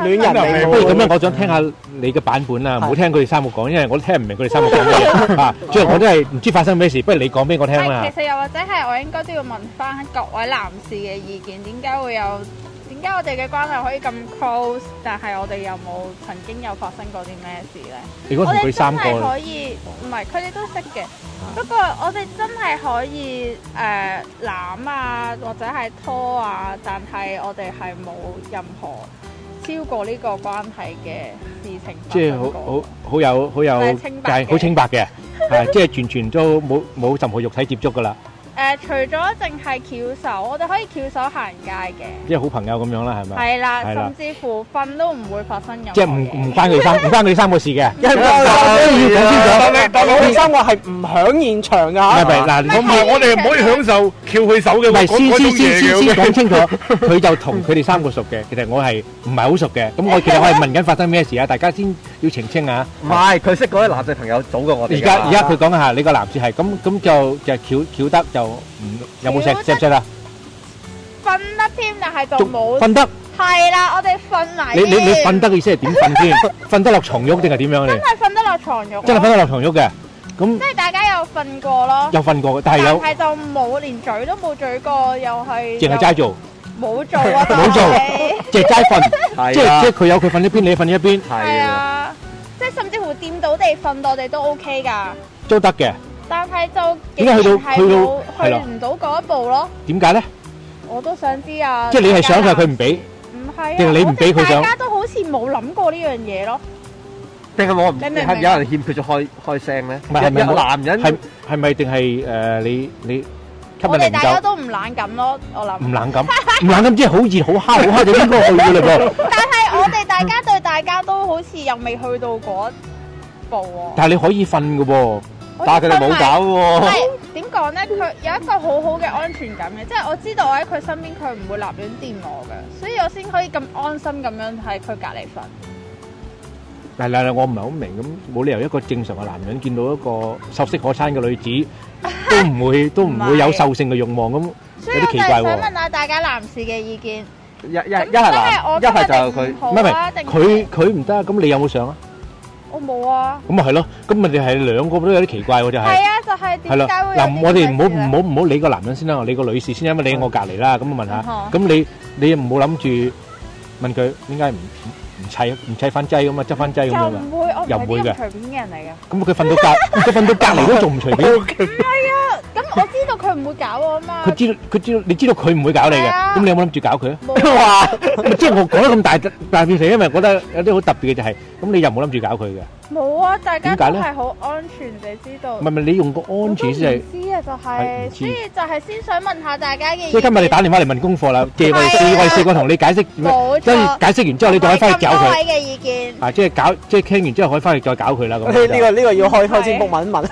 戀人。不如咁樣，我想聽下你嘅版本啦，唔好聽佢哋三個講，因為我都聽唔明佢哋三個講咩啊。最後我都係唔知發生咩事，不如你講俾我聽啦。其實又或者係我應該都要問翻各位男士嘅意見，點解會有？點解我哋嘅關係可以咁 close，但係我哋又冇曾經有發生過啲咩事咧？如果跟佢哋我哋真係可以，唔係個，佢哋都識嘅。不過我哋真係可以誒攬、呃、啊，或者係拖啊，但係我哋係冇任何超過呢個關係嘅事情。即係好好好有好有，係好清白嘅，係即係完全都冇冇任何肉體接觸噶啦。誒除咗淨係翹手，我哋可以翹手行街嘅，即係好朋友咁樣啦，係咪？係啦，甚至乎瞓都唔會發生咁。即係唔唔關佢三唔關佢三個事嘅。講清楚，但係但係我哋三個係唔響現場㗎。唔係，嗱咁咪我哋唔可以享受翹佢手嘅。唔係，先先先先先講清楚，佢就同佢哋三個熟嘅。其實我係唔係好熟嘅。咁我其實我係問緊發生咩事啊！大家先。要澄清啊！唔係佢識嗰啲男仔朋友早過我哋。而家而家佢講吓，你個男士係咁咁就就巧巧得就唔有冇食食唔食啊？瞓得添，但係就冇瞓得。係啦，我哋瞓埋。你你你瞓得嘅意思係點瞓先？瞓瞓得落牀褥定係點樣？真係瞓得落牀褥。真係瞓得落牀褥嘅。咁即係大家有瞓過咯。有瞓過，但係有，但係就冇，連嘴都冇嘴過，又係淨係齋做。冇做啊，冇做，即係齋瞓，即係即係佢有佢瞓一邊，你瞓一邊，係啊，即係甚至乎掂到你瞓到你都 O K 噶，都得嘅。但係就點解去到去到去唔到嗰一步咯？點解咧？我都想知啊！即係你係想但係佢唔俾，定你唔俾佢想？大家都好似冇諗過呢樣嘢咯？定係我唔明，有人欠佢就開開聲咧？唔係係咪好男人？係係咪定係誒你你？我哋大家都唔冷感咯，我諗唔冷感，唔 冷感即係好似好 high 好 high 應該去咗啦。 但係我哋大家對大家都好似又未去到嗰一步喎，啊。但係你可以瞓噶噃，睡但係佢哋冇搞喎。唔係點講咧？佢有一個很好好嘅安全感嘅，即係 我知道我喺佢身邊，佢唔會立亂掂我噶，所以我先可以咁安心咁樣喺佢隔籬瞓。係啦啦，我唔係好明咁，冇理由一個正常嘅男人見到一個秀色可餐嘅女子，都唔會都唔會有獸性嘅慾望咁，有啲奇怪喎。想問下大家男士嘅意見，一一係男，一係就佢，唔係唔係，佢佢唔得，咁你有冇想啊？我冇啊。咁啊係咯，咁咪就係兩個都有啲奇怪喎，就係。係啊，就係點解會有啲奇怪？嗱，我哋唔好唔好唔好理個男人先啦，理個女士先，因為你喺我隔離啦，咁問下，咁你你唔好諗住問佢點解唔？砌唔砌翻劑咁嘛，執翻劑咁樣嘛，又唔會嘅，隨便嘅人嚟嘅。咁佢瞓到隔，即係瞓到隔離都仲唔隨便。唔係啊，咁我知道佢唔會搞我啊嘛。佢知道，佢知道，你知道佢唔會搞你嘅。咁你有冇諗住搞佢啊？冇啊！即係我講得咁大，大件事因為覺得有啲好特別嘅就係，咁你又冇諗住搞佢嘅。冇啊！大家都係好安全，你知道。唔係唔係，你用個安全先係。知啊，就係，所以就係先想問下大家嘅。所以今日你打電話嚟問功課啦，借我哋四，我哋四個同你解釋。冇錯。所以解釋完之後，你就可以翻去搞佢。嘅意見。啊，即係搞，即係傾完之後可以翻去再搞佢啦。咁。呢個呢個要開開先，卜問一問。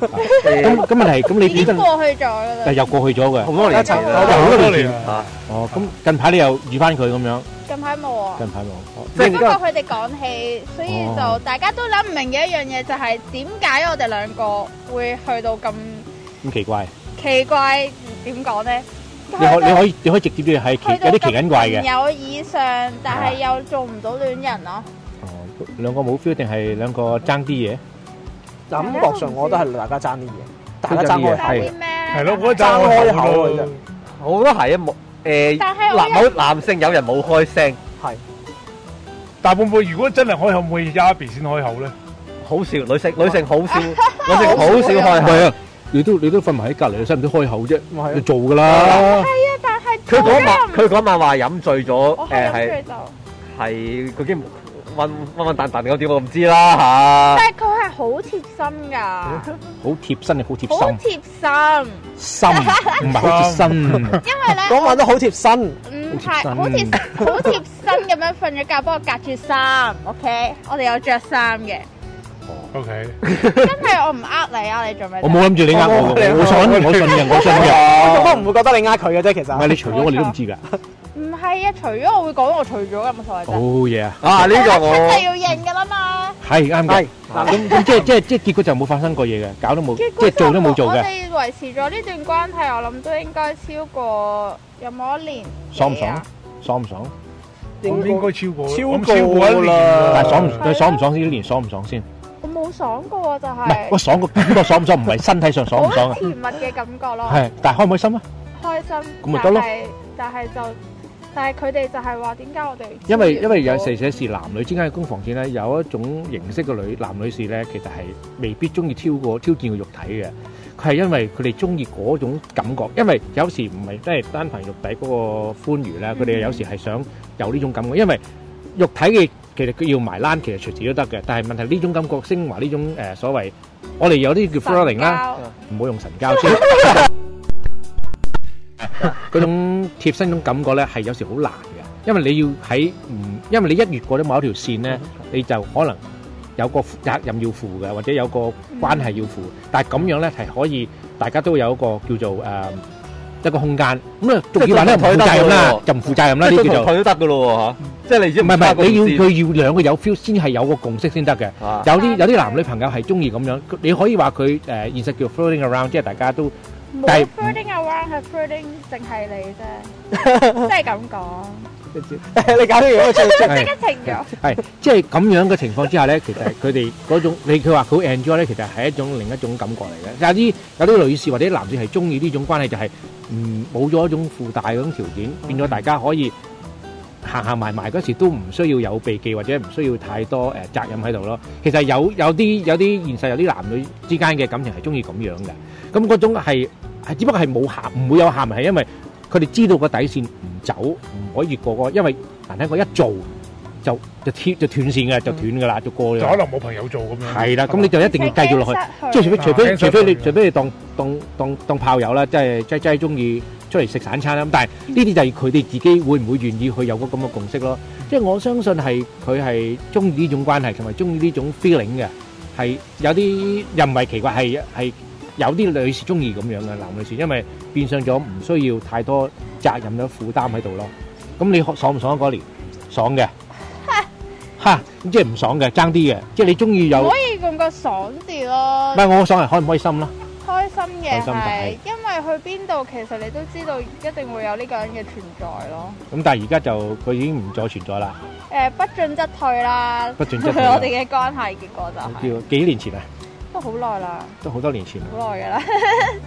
咁咁問題，咁你已經過去咗啦。又過去咗嘅，好多年，一齊，好多年啊。哦，咁近排你又遇翻佢咁樣？近排冇啊！近排冇，即係不過佢哋講起，所以就大家都諗唔明嘅一樣嘢就係點解我哋兩個會去到咁咁奇怪？奇怪點講咧？你可以你可以你可以直接啲係有啲奇緊怪嘅，有以上但係又做唔到戀人咯。哦，兩個冇 feel 定係兩個爭啲嘢？感覺上我都係大家爭啲嘢，大家爭開口，係咯，爭開口啊，我覺得係啊，冇。誒，男冇男性有人冇開聲，係大部分如果真係開口，可唔可以阿 B 先開口咧？好少女性，女性好少，女性好少開口啊！你都你都瞓埋喺隔籬，使唔使開口啫？你做噶啦。係啊，但係佢嗰晚，佢嗰晚話飲醉咗誒，係佢啲。溫溫溫淡淡嗰啲我唔知啦吓，但係佢係好貼心噶，好貼心嘅好貼心，好貼心，心唔係好貼心。因為咧嗰晚都好貼心，唔係好貼心，好貼心咁樣瞓咗覺，幫我隔住衫。OK，我哋有着衫嘅。OK，真係我唔呃你，呃你做咩？我冇諗住你呃我嘅，我信嘅，我信嘅，我信嘅。我都唔會覺得你呃佢嘅啫，其實。唔係，你除咗我哋都唔知噶。唔係啊，除咗我會講我除咗噶冇所謂。好嘢啊！啊呢個我一定要認噶啦嘛。係啱唔啱？嗱咁咁即係即係即係結果就冇發生過嘢嘅，搞都冇，即係做都冇做嘅。我哋維持咗呢段關係，我諗都應該超過有冇一年。爽唔爽？爽唔爽？應該超過超過啦。但係爽唔爽唔爽先？呢年爽唔爽先？我冇爽過就係。喂，爽過，呢個，爽唔爽？唔係身體上爽唔爽啊？甜蜜嘅感覺咯。係，但係開唔開心啊？開心。咁咪得咯。但係就。但係佢哋就係話，點解我哋因為因為有時寫是男女之間嘅攻防戰咧，有一種形式嘅女男女士咧，其實係未必中意挑過挑戰嘅肉體嘅，佢係因為佢哋中意嗰種感覺，因為有時唔係即係單憑肉體嗰個歡愉咧，佢哋有時係想有呢種感覺，因為肉體嘅其實佢要埋欄，其實隨時都得嘅，但係問題呢種感覺升華呢種誒所謂我哋有啲叫 frothing 啦，唔好用神交先，嗰種。貼身種感覺咧係有時好難嘅，因為你要喺唔，因為你一越過咗某一條線咧，你就可能有個責任要負嘅，或者有個關係要負。但係咁樣咧係可以，大家都會有一個叫做誒一個空間。咁啊，仲要話咧唔負責任啦，就唔負責任啦。呢啲就佢都得嘅咯喎嚇，即係你唔係唔係，你要佢要兩個有 feel 先係有個共識先得嘅。有啲有啲男女朋友係中意咁樣，你可以話佢誒現實叫 floating around，即係大家都。冇 footing around，係 footing，淨係你啫，即係咁講。你搞啲嘢，即刻停咗。係，即係咁樣嘅情況之下咧，其實佢哋嗰種你佢話好 enjoy 咧，其實係一種另一種感覺嚟嘅。有啲有啲女士或者啲男士係中意呢種關係，就係唔冇咗一種附帶嗰種條件，變咗大家可以行行埋埋嗰時都唔需要有避忌或者唔需要太多誒責任喺度咯。其實有有啲有啲現實有啲男女之間嘅感情係中意咁樣嘅。咁嗰種係係只不過係冇鹹，唔會有鹹，係因為佢哋知道個底線唔走，唔可以過個，因為嗱，睇我一做就就斷就斷線嘅，就斷嘅啦，就過咗。就可能冇朋友做咁樣。係啦，咁你就一定要繼續落去，即係除非除非除非你除非你當當當當炮友啦，即係即即係中意出嚟食散餐啦。咁但係呢啲就係佢哋自己會唔會願意去有個咁嘅共識咯？即係我相信係佢係中意呢種關係，同埋中意呢種 feeling 嘅，係有啲又唔係奇怪係係。有啲女士中意咁樣嘅男女士，因為變相咗唔需要太多責任嘅負擔喺度咯。咁你爽唔爽嗰年？爽嘅，嚇咁即係唔爽嘅，爭啲嘅。即係你中意有可以更加爽啲咯。唔係我爽係開唔開心咯？開心嘅係因為去邊度，其實你都知道一定會有呢個人嘅存在咯。咁但係而家就佢已經唔再存在啦。誒，不進則退啦，不進則退，我哋嘅關係結果就係幾年前啊！好耐啦，都好多年前，好耐噶啦。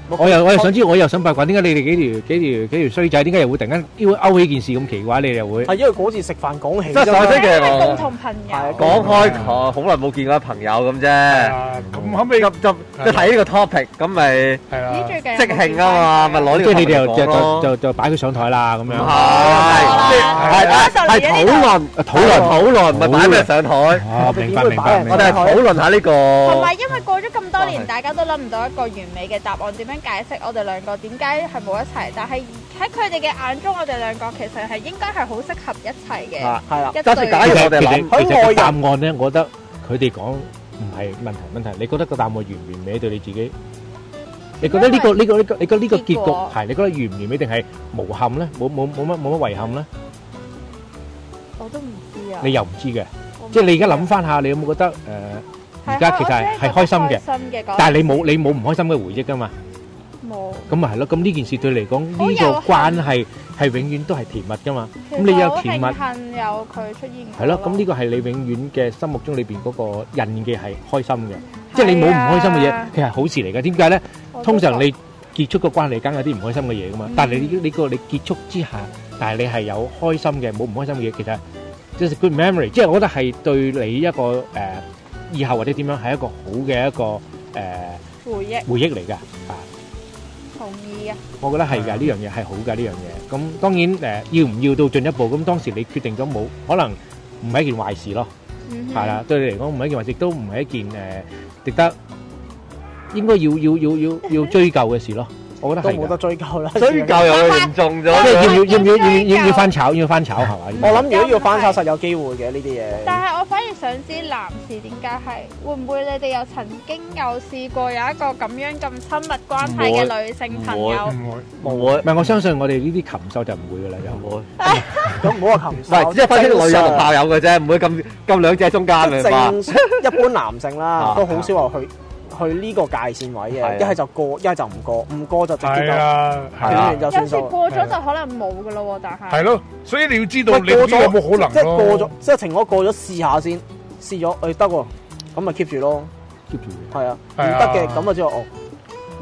我又我又想知，我又想八卦，點解你哋幾條幾條幾條衰仔，點解又會突然間要勾起件事咁奇怪？你哋又會係因為嗰次食飯講起，即係熟悉嘅共同朋友。講開，哦，好耐冇見嗰啲朋友咁啫。咁咁咪就就睇呢個 topic，咁咪即興啊嘛，咪攞呢個即係你哋又就就就擺佢上台啦咁樣。係，係討論討論討論，唔係擺咩上台？明白明白。我哋係討論下呢個，唔係因為個。咁多年，大家都諗唔到一個完美嘅答案，點樣解釋我哋兩個點解係冇一齊？但係喺佢哋嘅眼中，我哋兩個其實係應該係好適合一齊嘅。係啦，解釋解咗我哋諗，其實個答案咧，我覺得佢哋講唔係問題問題。你覺得個答案完唔完美？對你自己，你覺得呢個呢個呢個你覺得呢個結局係你覺得完唔完美，定係無憾咧？冇冇冇乜冇乜遺憾咧？我都唔知啊！你又唔知嘅，即係你而家諗翻下，你有冇覺得誒？而家其實係係開心嘅，但係你冇你冇唔開心嘅回憶噶嘛？冇咁咪係咯。咁呢件事對你嚟講，呢個關係係永遠都係甜蜜噶嘛。咁你有甜蜜，有佢出現係咯。咁呢個係你永遠嘅心目中裏邊嗰個印嘅係開心嘅，即係你冇唔開心嘅嘢，其實好事嚟嘅。點解咧？通常你結束個關係梗有啲唔開心嘅嘢噶嘛，但係你呢個你結束之下，但係你係有開心嘅，冇唔開心嘅嘢，其實 just good memory。即係我覺得係對你一個誒。以後或者點樣係一個好嘅一個誒回憶回憶嚟嘅啊，同意啊！我覺得係㗎，呢樣嘢係好㗎，呢樣嘢。咁當然誒，要唔要到進一步？咁當時你決定咗冇，可能唔係一件壞事咯，係啦。對你嚟講唔係一件壞事，都唔係一件誒，值得應該要要要要要追究嘅事咯。我覺得都冇得追究啦，追究又嚴重咗。要唔要要唔要要唔要翻炒？要唔要翻炒係嘛？我諗如果要翻炒，實有機會嘅呢啲嘢。但係我反而想知男士點解係？會唔會你哋有曾經有試過有一個咁樣咁親密關係嘅女性朋友？唔會唔會唔會。唔係我相信我哋呢啲禽獸就唔會㗎啦，有冇？咁唔好話禽獸，唔係即係翻啲女友校友嘅啫，唔會咁咁兩隻中間係嘛？一般男性啦，都好少話去。佢呢個界線位嘅，一係就過，一係就唔過，唔過就直接就斷緣就算數。有時過咗就可能冇噶咯喎，但係係咯，所以你要知道你過咗有冇可能？即係過咗，即係情我過咗試下先，試咗，哎得喎，咁咪 keep 住咯，keep 住。係啊，唔得嘅咁啊之後哦，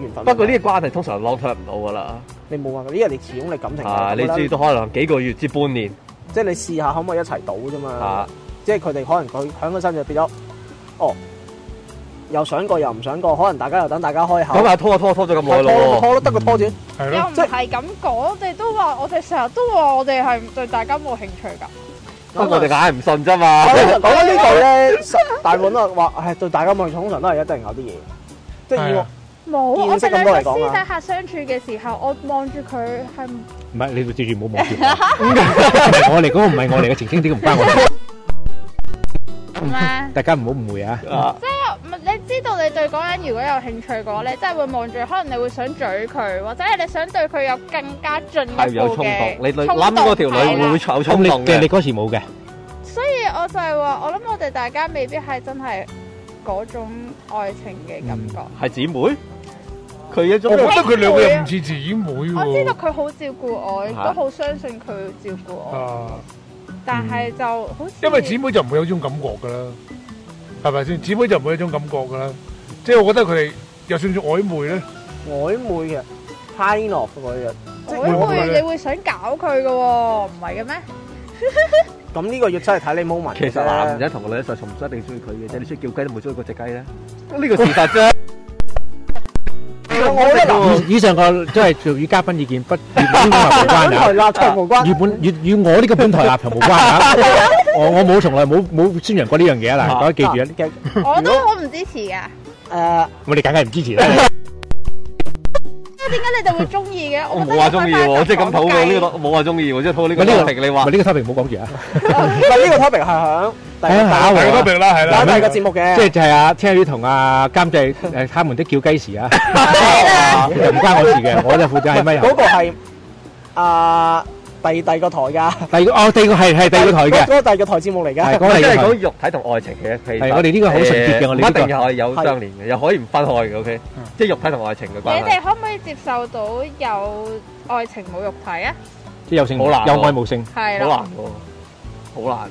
緣分。不過呢個關係通常 long term 唔到噶啦，你冇辦法，因為你始終你感情啊，你知，都可能幾個月至半年，即係你試下可唔可以一齊到啫嘛？即係佢哋可能佢響個身就變咗哦。又想過又唔想過，可能大家又等大家開口。咁咪拖拖拖咗咁耐咯。拖咯拖得個拖字。係又唔係咁講，我哋都話我哋成日都話我哋係對大家冇興趣噶。不過我哋梗係唔信啫嘛。講翻呢度咧，大部分都話，唉，對大家冇興趣，通常都係一定有啲嘢。即係冇。我哋兩個私底下相處嘅時候，我望住佢係。唔係你接住唔好望住。我哋嗰個唔係我哋嘅，澄清啲唔關我事。大家唔好誤會啊。你知道你對嗰人如果有興趣嘅話咧，你真係會望住，可能你會想嘴佢，或者係你想對佢有更加進一步嘅衝動。你諗嗰條女了會唔會有衝動嘅？你嗰時冇嘅。所以我就係話，我諗我哋大家未必係真係嗰種愛情嘅感覺。係、嗯、姊妹？佢一種，我覺得佢兩個人唔似姊妹。我知道佢好照顧我，亦都好相信佢照顧我。啊、但係就好，因為姊妹就唔會有這種感覺噶啦。係咪先姊妹就唔會呢種感覺㗎啦？即係我覺得佢哋，又算唔算曖昧咧。曖昧嘅，太懦嘅嗰啲人。即係會唔會你會想搞佢嘅喎？唔係嘅咩？咁呢個要真係睇你 moment。其實男仔同個女仔就從唔一定中意佢嘅，即係你中意叫雞都冇中意嗰隻雞啦。呢個事實啫。以上個都係屬於嘉賓意見，不與本台無關啊。與本與與我呢個本台立場無關啊。我我冇從來冇冇宣揚過呢樣嘢，啊嗱，大家記住啊！我都好唔支持㗎。誒，我哋梗係唔支持啦。點解你哋會中意嘅？我冇話中意，我即係咁討好呢個，冇話中意，即係討好呢個。呢個 topic 你話唔係呢個 topic 唔好講住啊。但係呢個 topic 係響打圍，打圍個節目嘅。即係就係阿 Terry 同阿監製誒，他們啲叫雞事啊，又唔關我事嘅，我就負責係咩人。嗰個係啊。第第二個台，噶，第二哦，第二個係係第二個台嘅，嗰個第二個台節目嚟嘅，即係講肉體同愛情嘅，係我哋呢個好純潔嘅，我哋呢個一定係有相連嘅，又可以唔分開嘅，O K，即係肉體同愛情嘅關係。你哋可唔可以接受到有愛情冇肉體啊？即係有性好難，有愛冇性係好難喎，好難。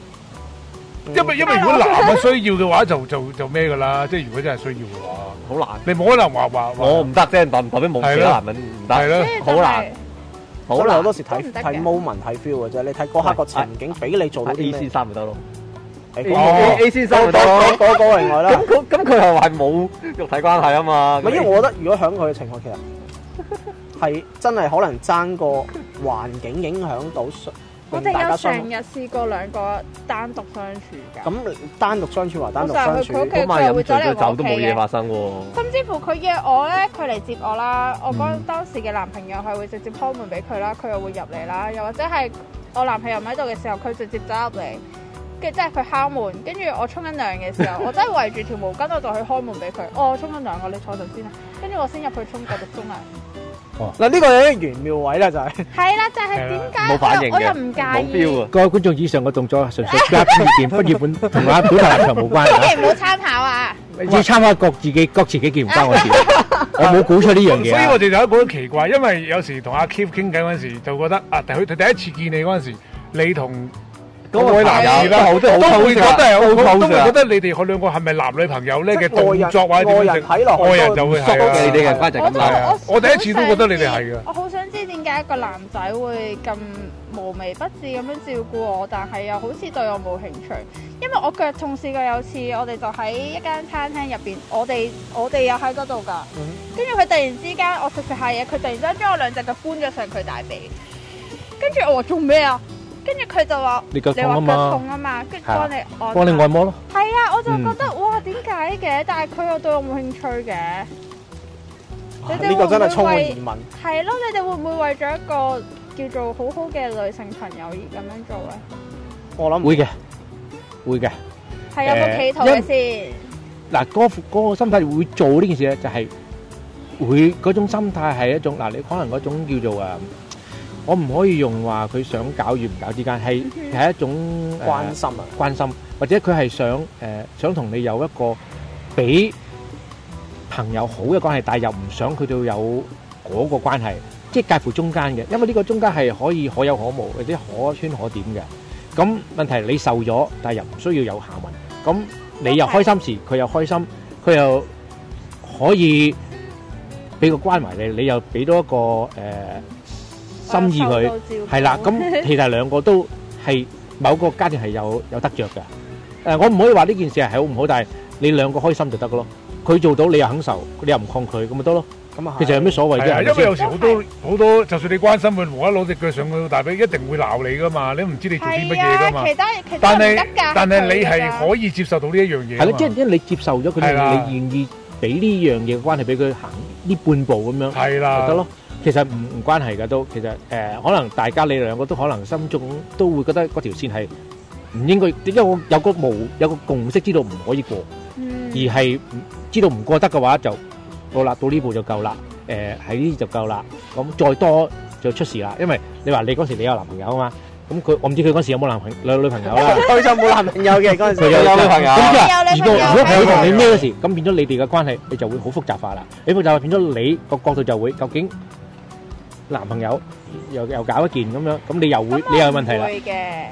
因為因為如果男嘅需要嘅話，就就就做咩噶啦，即係如果真係需要嘅話，好難。你冇可能話話我唔得啫，但係未必冇錢嘅男人唔得，係咯，好難。好啦，好多時睇睇 moment 睇 feel 嘅啫，你睇嗰刻個情景俾你做到啲咩？A 先生咪得咯，A A 先生咪得咯，嗰嗰另外啦，咁咁佢又係話冇肉體關係啊嘛。因為我覺得如果響佢嘅情況，其實係真係可能爭個環境影響到。我哋有成日試過兩個單獨相處㗎。咁單獨相處話單獨相處，佢屋企醉酒都冇嘢發生喎。甚至乎佢約我咧，佢嚟接我啦。我嗰當時嘅男朋友係會直接開門俾佢啦，佢又會入嚟啦。又或者係我男朋友唔喺度嘅時候，佢直接走入嚟。即係佢敲門，跟住我沖緊涼嘅時候，我真係圍住條毛巾，我就去開門俾佢。我沖緊涼，我你坐陣先啦。跟住我先入去沖，繼續沖涼。嗱，呢個有啲玄妙位啦，就係係啦，即係點解冇反應嘅？我又唔介意！各位觀眾以上嘅動作純粹畢業典禮、畢業班同啊表達立場冇關係，唔好參考啊！要參考各自己、各自己嘅唔關我事。我冇估錯呢樣嘢，所以我哋就覺得奇怪，因為有時同阿 Keep 傾偈嗰陣時，就覺得啊，第佢第一次見你嗰陣時，你同。都會難睇啦，的我都好台都會覺得你哋佢兩個係咪男女朋友咧嘅動作外人或者點樣睇落，個人,人就會你係你哋唔就係我第一次都覺得你哋係嘅。我好想知點解一個男仔會咁無微不至咁樣照顧我，但係又好似對我冇興趣。因為我腳痛試過有一次，我哋就喺一間餐廳入邊，我哋我哋又喺嗰度㗎。跟住佢突然之間，我食食下嘢，佢突然間將我兩隻腳搬咗上佢大髀，跟住我話做咩啊？跟住佢就話你腳痛啊嘛，跟住幫你按幫你按摩咯。係啊，我就覺得哇，點解嘅？但係佢又對我冇興趣嘅。呢個真係充滿疑問。係咯，你哋會唔會為咗一個叫做好好嘅女性朋友而咁樣做咧？我諗會嘅，會嘅。係有冇企圖嘅先？嗱，嗰嗰個心態會做呢件事咧，就係會，嗰種心態係一種嗱，你可能嗰種叫做啊。我唔可以用話佢想搞與唔搞之間，係一種、呃、關心啊，關心或者佢係想、呃、想同你有一個比朋友好嘅關係，但又唔想佢哋有嗰個關係，即係介乎中間嘅。因為呢個中間係可以可有可無，或者可圈可點嘅。咁問題你受咗，但又唔需要有下文。咁你又開心時，佢又開心，佢又可以俾個關懷你，你又俾多一個、呃心意佢係啦，咁其實兩個都係某個家庭係有有得著嘅。誒，我唔可以話呢件事係係好唔好，但係你兩個開心就得嘅咯。佢做到，你又肯受，你又唔抗拒，咁咪得咯。其實有咩所謂啫？因為有時好多好多，就算你關心佢，無啦啦攞隻腳上佢大髀，一定會鬧你噶嘛。你唔知你做啲乜嘢噶嘛。其他其他唔得㗎。但係你係可以接受到呢一樣嘢。係咯，即係因為你接受咗佢，你願意俾呢樣嘢關係俾佢行呢半步咁樣，係啦，得咯。其實唔唔關係噶都，其實誒，可能大家你兩個都可能心中都會覺得嗰條線係唔應該，因為我有個無有個共識，知道唔可以過，而係知道唔過得嘅話就到啦，到呢步就夠啦，誒喺呢就夠啦，咁再多就出事啦。因為你話你嗰時你有男朋友啊嘛，咁佢我唔知佢嗰時有冇男朋友女朋友啦，佢就冇男朋友嘅嗰陣時，佢有女朋友，如果如果佢同你咩嗰時，咁變咗你哋嘅關係，你就會好複雜化啦。你複雜化變咗你個角度就會究竟。男朋友又又搞一件咁樣，咁你又會你又有問題啦，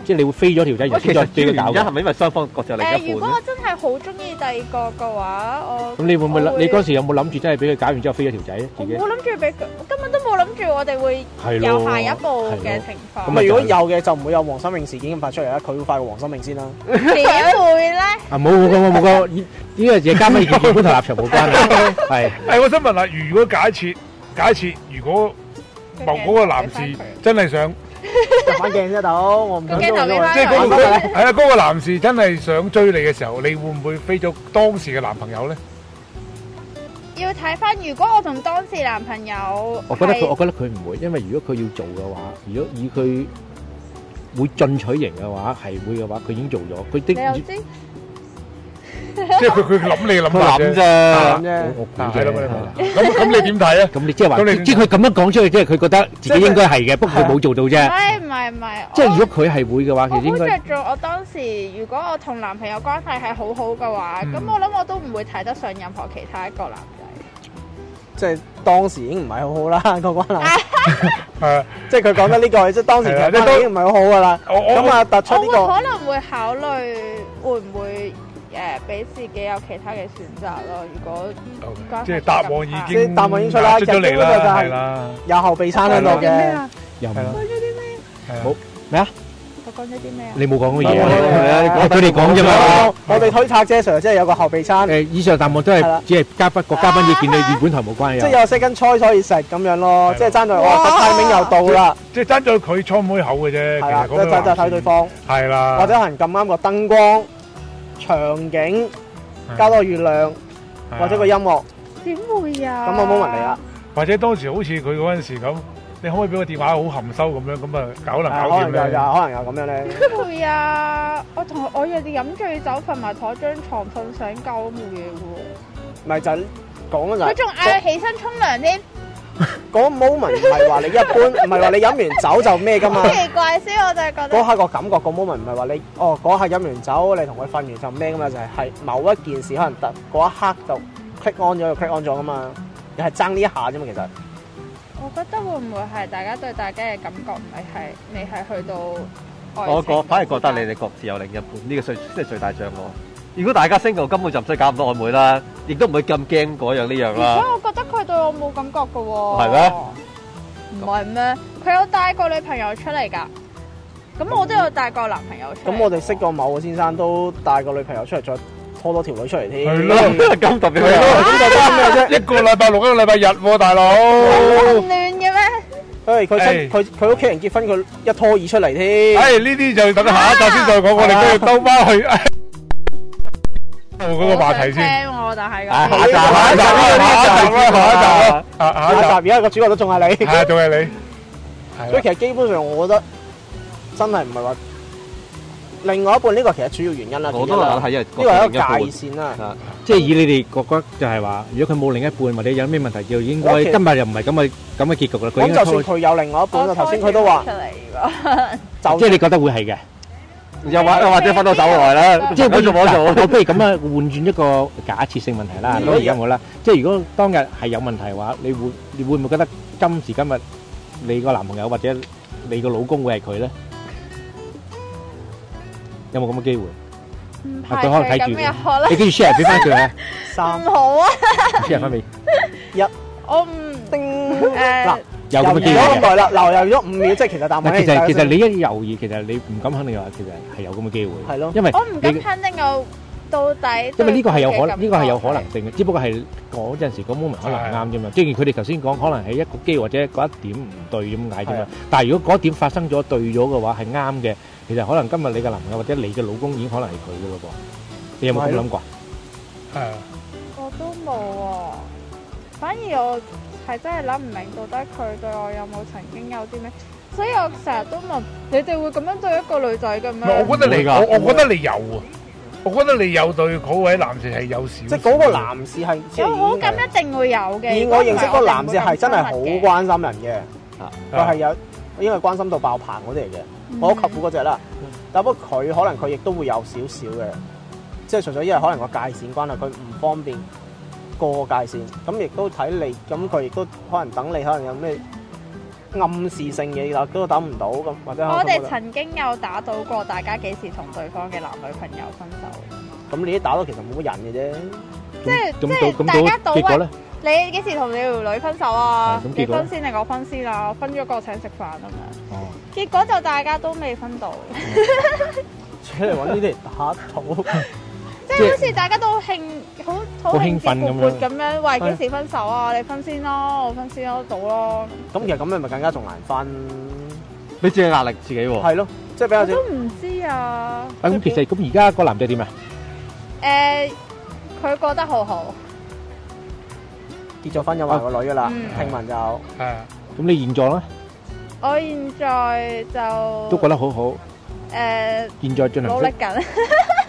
即係你會飛咗條仔，然後先再俾佢搞嘅，而家係咪因為雙方各自另一半？誒，如果我真係好中意第二個嘅話，我咁你會唔會？你嗰時有冇諗住真係俾佢搞完之後飛咗條仔咧？自己冇諗住俾佢，根本都冇諗住我哋會有下一步嘅情況。咁啊，如果有嘅就唔會有黃心穎事件咁發出嚟啦。佢會快過黃心穎先啦。點會咧？啊冇冇冇冇冇，呢呢樣嘢加埋完全本同立場冇關嘅，係。誒，我想問下，如果假設，假設如果。望嗰個男士真係想，反鏡得到我唔驚到，即係嗰個係啊嗰個男士真係想追你嘅時候，你會唔會飛咗當時嘅男朋友咧？要睇返，如果我同當時男朋友，我覺得佢，我覺得佢唔會，因為如果佢要做嘅話，如果以佢會進取型嘅話，係會嘅話，佢已經做咗，佢的。即係佢佢諗你諗啫，諗啫，係咯。咁咁你點睇咧？咁你即係話，即係佢咁樣講出嚟，即係佢覺得自己應該係嘅，不過佢冇做到啫。唔係唔係，即係如果佢係會嘅話，其實應該做。我當時如果我同男朋友關係係好好嘅話，咁我諗我都唔會睇得上任何其他一個男仔。即係當時已經唔係好好啦個關係，係啊，即係佢講得呢個，即係當時其實都已經唔係好好噶啦。咁啊，突出呢個，可能會考慮會唔會？誒，俾自己有其他嘅選擇咯。如果即係答案已經答案已經出啦，出咗嚟啦，係啦，有後備餐喺度嘅。又唔係咯？係冇咩啊？佢講咗啲咩啊？你冇講嘅嘢啊？佢哋講啫嘛。我哋推測啫，Sir，即係有個後備餐。誒，以上答案都係只係嘉賓，個嘉賓要見你與本台冇關係。即係有四根菜可以食咁樣咯。即係爭在我第一名又到啦。即係爭在佢未開口嘅啫。係啊，即係就睇對方。係啦，或者可能咁啱個燈光。場景加多月亮，或者個音樂，點會啊？咁我冇問你啦。或者當時好似佢嗰陣時咁，你可唔可以俾個電話好含羞咁樣，咁啊搞能搞掂咩？可能又可能又咁樣咧。點會啊！我同我有啲飲醉酒瞓埋坐張床，瞓醒覺都冇嘢嘅喎。唔係就講就，佢仲嗌起身沖涼添。嗰 moment 唔係話你一般，唔係話你飲完酒就咩噶嘛？好奇怪先，我就係覺得嗰刻個感覺，個 moment 唔係話你哦，嗰刻飲完酒，你同佢瞓完就咩噶嘛？就係、是、係某一件事，可能特嗰一刻就 click on 咗就 click on 咗噶嘛，你係爭呢一下啫嘛，其實我覺得會唔會係大家對大家嘅感覺唔係，你係去到我我反而覺得你哋各自有另一半，呢、這個最即係最大障礙。如果大家升到，根本就唔使搞唔到我妹啦，亦都唔會咁驚嗰樣呢樣啦。所以我覺得佢對我冇感覺噶喎。係咩？唔係咩？佢有帶個女朋友出嚟噶，咁我都有帶個男朋友出嚟。咁我哋識個某個先生都帶個女朋友出嚟，再拖多條女出嚟添。係咯，咁特別咩？咁簡單嘅啫，一個禮拜六一個禮拜日，大佬。咁亂嘅咩？哎，佢佢佢屋企人結婚，佢一拖二出嚟添。哎，呢啲就等下一集先再講，我哋都要兜翻去。換嗰個話題先。下集，下集，下集啦！下下集，而家個主角都仲係你。係啊，仲係你。所以其實基本上，我覺得真係唔係話另外一半呢個其實主要原因啦。我都諗係因為呢個係一個界線啦。即係以你哋覺得就係話，如果佢冇另一半，或者有咩問題，就應該今日又唔係咁嘅咁嘅結局啦。咁就算佢有另外一半，頭先佢都話出嚟咯，就即係你覺得會係嘅。又或或者分到手來啦，即係冇做冇做，我不如咁樣，換轉一個假設性問題啦。咁而家我啦，即係如果當日係有問題嘅話，你會你會唔會覺得今時今日你個男朋友或者你個老公會係佢咧？有冇咁嘅機會？佢可能睇住，你跟住 share 俾翻佢啊。三好啊，share 翻俾一，我唔定誒。有咁嘅機，留咗咁耐啦，留又咗五秒，即係其實但係冇人。其實其實你一猶豫，其實你唔敢肯定嘅話，其實係有咁嘅機會。係咯，因為我唔敢肯定我到底。因為呢個係有可能，呢個係有可能性嘅，只不過係嗰陣時嗰 moment 可能啱啫嘛。既然佢哋頭先講可能係一個機或者嗰一點唔對咁解啫嘛。但係如果嗰點發生咗對咗嘅話，係啱嘅。其實可能今日你嘅男朋友或者你嘅老公已經可能係佢嘅嘞噃。你有冇咁諗過？係啊，我都冇喎，反而我。係真係諗唔明，到底佢對我有冇曾經有啲咩？所以我成日都問，你哋會咁樣對一個女仔嘅咩？我覺得你，我我覺得你有啊！我覺得你有對嗰位男士係有少，即係嗰個男士係有好感，一定會有嘅。以我認識嗰個男士係真係好關心人嘅。啊，佢係有，因為關心到爆棚嗰啲嚟嘅，我舅父嗰隻啦。但不過佢可能佢亦都會有少少嘅，即係純粹因為可能個界線關係，佢唔方便。過界線，咁亦都睇你，咁佢亦都可能等你，可能有咩暗示性嘢，但都等唔到咁，或者我哋曾經有打賭過，大家幾時同對方嘅男女朋友分手？咁你一打賭其實冇乜癮嘅啫。即係即係大家賭啊！你幾時同你條女分手啊？你分先定我分先啊？分咗個請食飯咁樣？結果就大家都未分到，出嚟搵啲嚟打賭。即係好似大家都興，好好興奮咁樣，話幾時分手啊？你分先咯，我分先咯，到咯。咁其實咁樣咪更加仲難分，你自己壓力自己喎。係咯，即係比較。我都唔知啊。咁其實咁而家個男仔點啊？誒，佢過得好好。結咗婚又懷個女啦，聽聞就係啊。咁你現狀咧？我現在就都覺得好好。誒，現在盡努力緊。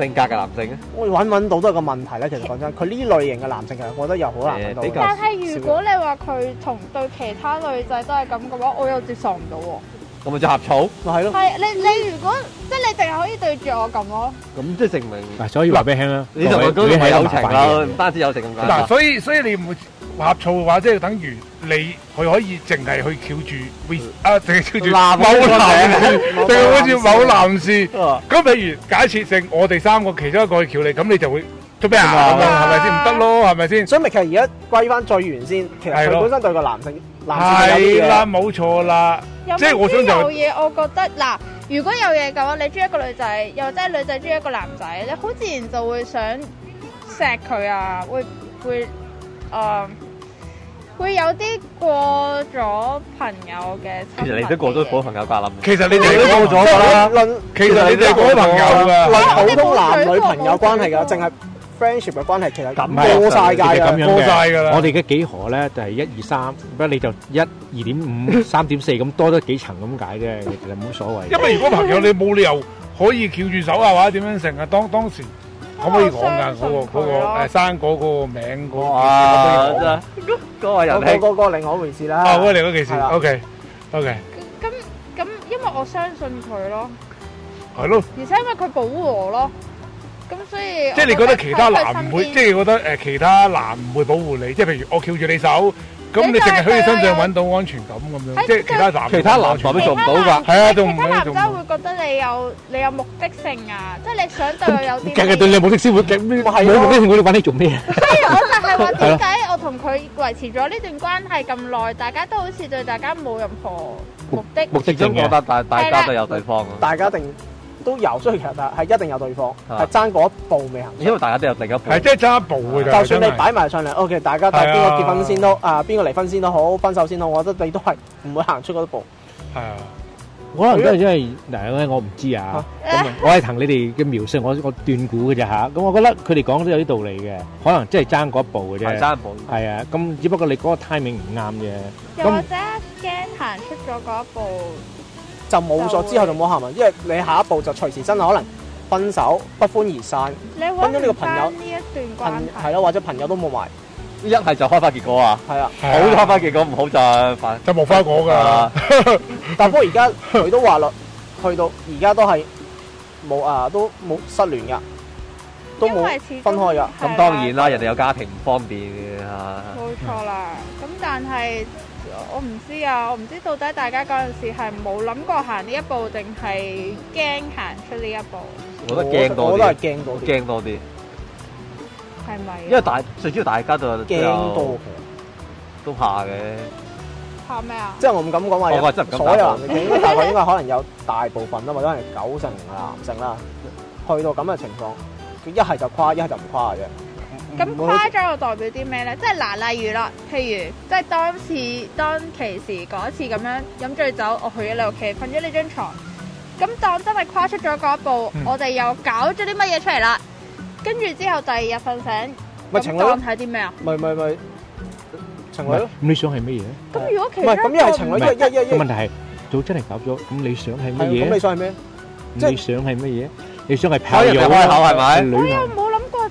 性格嘅男性咧，我揾揾到都係個問題咧。其實講真，佢呢類型嘅男性，其實我覺得又好難睇到。但係如果你話佢同對其他女仔都係咁嘅話，我又接受唔到喎。咁咪就合草咪係咯。係你你如果即係你淨係可以對住我咁咯。咁即係證明，所以話俾你聽啦，你同佢都係友情咯，唔單止友情咁講。嗱，所以所以你唔會。呷醋嘅話，即係等於你佢可以淨係去撬住，啊，淨係撬住某男，對，好似某男士。咁譬如假設性，我哋三個其中一個撬你，咁你就會都俾人係咪先？唔得、嗯啊、咯，係咪先？所以咪其實而家歸翻最原先，其實佢本身對個男性，係啦的，冇錯啦。即係我想就，有嘢我覺得嗱，如果有嘢嘅話，你中意一個女仔，又即係女仔中意一個男仔，你好自然就會想錫佢啊，會會誒。呃嗯會有啲過咗朋友嘅，其實你都過咗好朋友關啦。其實你哋都過咗噶啦。其實你哋過咗朋友噶，係普通男女朋友關係噶，淨係 friendship 嘅關係。其實過晒界噶，過晒噶啦。我哋嘅幾何咧？就係一二三，不過你就一二點五、三點四咁，多咗幾層咁解啫。其實冇所謂。因為如果朋友你冇理由可以翹住手係嘛？點樣成啊？當當時？可唔可以講噶嗰個嗰個誒生果嗰個名嗰？可唔可以講？嗰個又另嗰個另嗰回事啦。啊，嗰個另嗰件事。OK，OK。咁咁，因為我相信佢咯，係咯。而且因為佢保護我咯，咁所以即係你覺得其他男唔會，即係覺得誒其他男唔會保護你，即係譬如我翹住你手。咁你淨係可以相信揾到安全感咁樣，即係其他男其他男全部都做唔到㗎。係啊，做咩？其他男都會覺得你有你有目的性啊，即係你想對佢有啲。日日對你有目的先會激咩？冇目的先會揾你做咩？所以我就係話點解我同佢維持咗呢段關係咁耐，大家都好似對大家冇任何目的。目的真㗎。係啦，大家都有對方。大家定。都有，所以其實係一定有對方係爭嗰一步未行，因為大家都有第一步。係即係爭一步㗎。就算你擺埋上嚟，OK，大家但係邊個結婚先都啊，邊個離婚先都好，分手先好，我覺得你都係唔會行出嗰一步。係啊，可能都係因為嗱，我唔知啊，咁我係憑你哋嘅描述，我我斷估嘅啫嚇。咁我覺得佢哋講都有啲道理嘅，可能即係爭嗰一步嘅啫，爭一步。係啊，咁只不過你嗰個 timing 唔啱啫。又或者驚行出咗嗰一步。就冇咗會之後就冇下文，因為你下一步就隨時真係可能分手，不歡而散，分咗呢個朋友，朋友係咯，或者朋友都冇埋，一係就開花結果啊！係啊，好、啊、開花結果，唔好就就冇花果㗎。啊、 但不過而家佢都話咯，去到而家都係冇啊，都冇失聯㗎，都冇分開㗎。咁當然啦，對人哋有家庭唔方便嘅啊。冇錯啦，咁但係。我唔知啊，我唔知到底大家嗰陣時係冇諗過行呢一步，定係驚行出呢一步？我都驚多啲，我都係驚多驚多啲。係咪？因為大最主要大家都驚多，都怕嘅。怕咩啊？即係我唔敢講話，所有男嘅驚，但係 應該可能有大部分啊或者係九成男性啦，去到咁嘅情況，一係就跨，一係就唔跨嘅。咁跨咗又代表啲咩咧？即係嗱，例如啦，譬如即係當次當其時嗰次咁樣飲醉酒，我去咗你屋企瞓咗呢張牀。咁當真係跨出咗嗰一步，我哋又搞咗啲乜嘢出嚟啦？跟住之後第二日瞓醒，咁當係啲咩啊？咪咪咪，情侶咯。咁你想係咩嘢咧？咁如果其他唔係咁又係情侶，因為一一一問題係早真係搞咗。咁你想係咩嘢？你想係咩？即係想係乜嘢？你想係拍友開口係咪？哎呀唔好。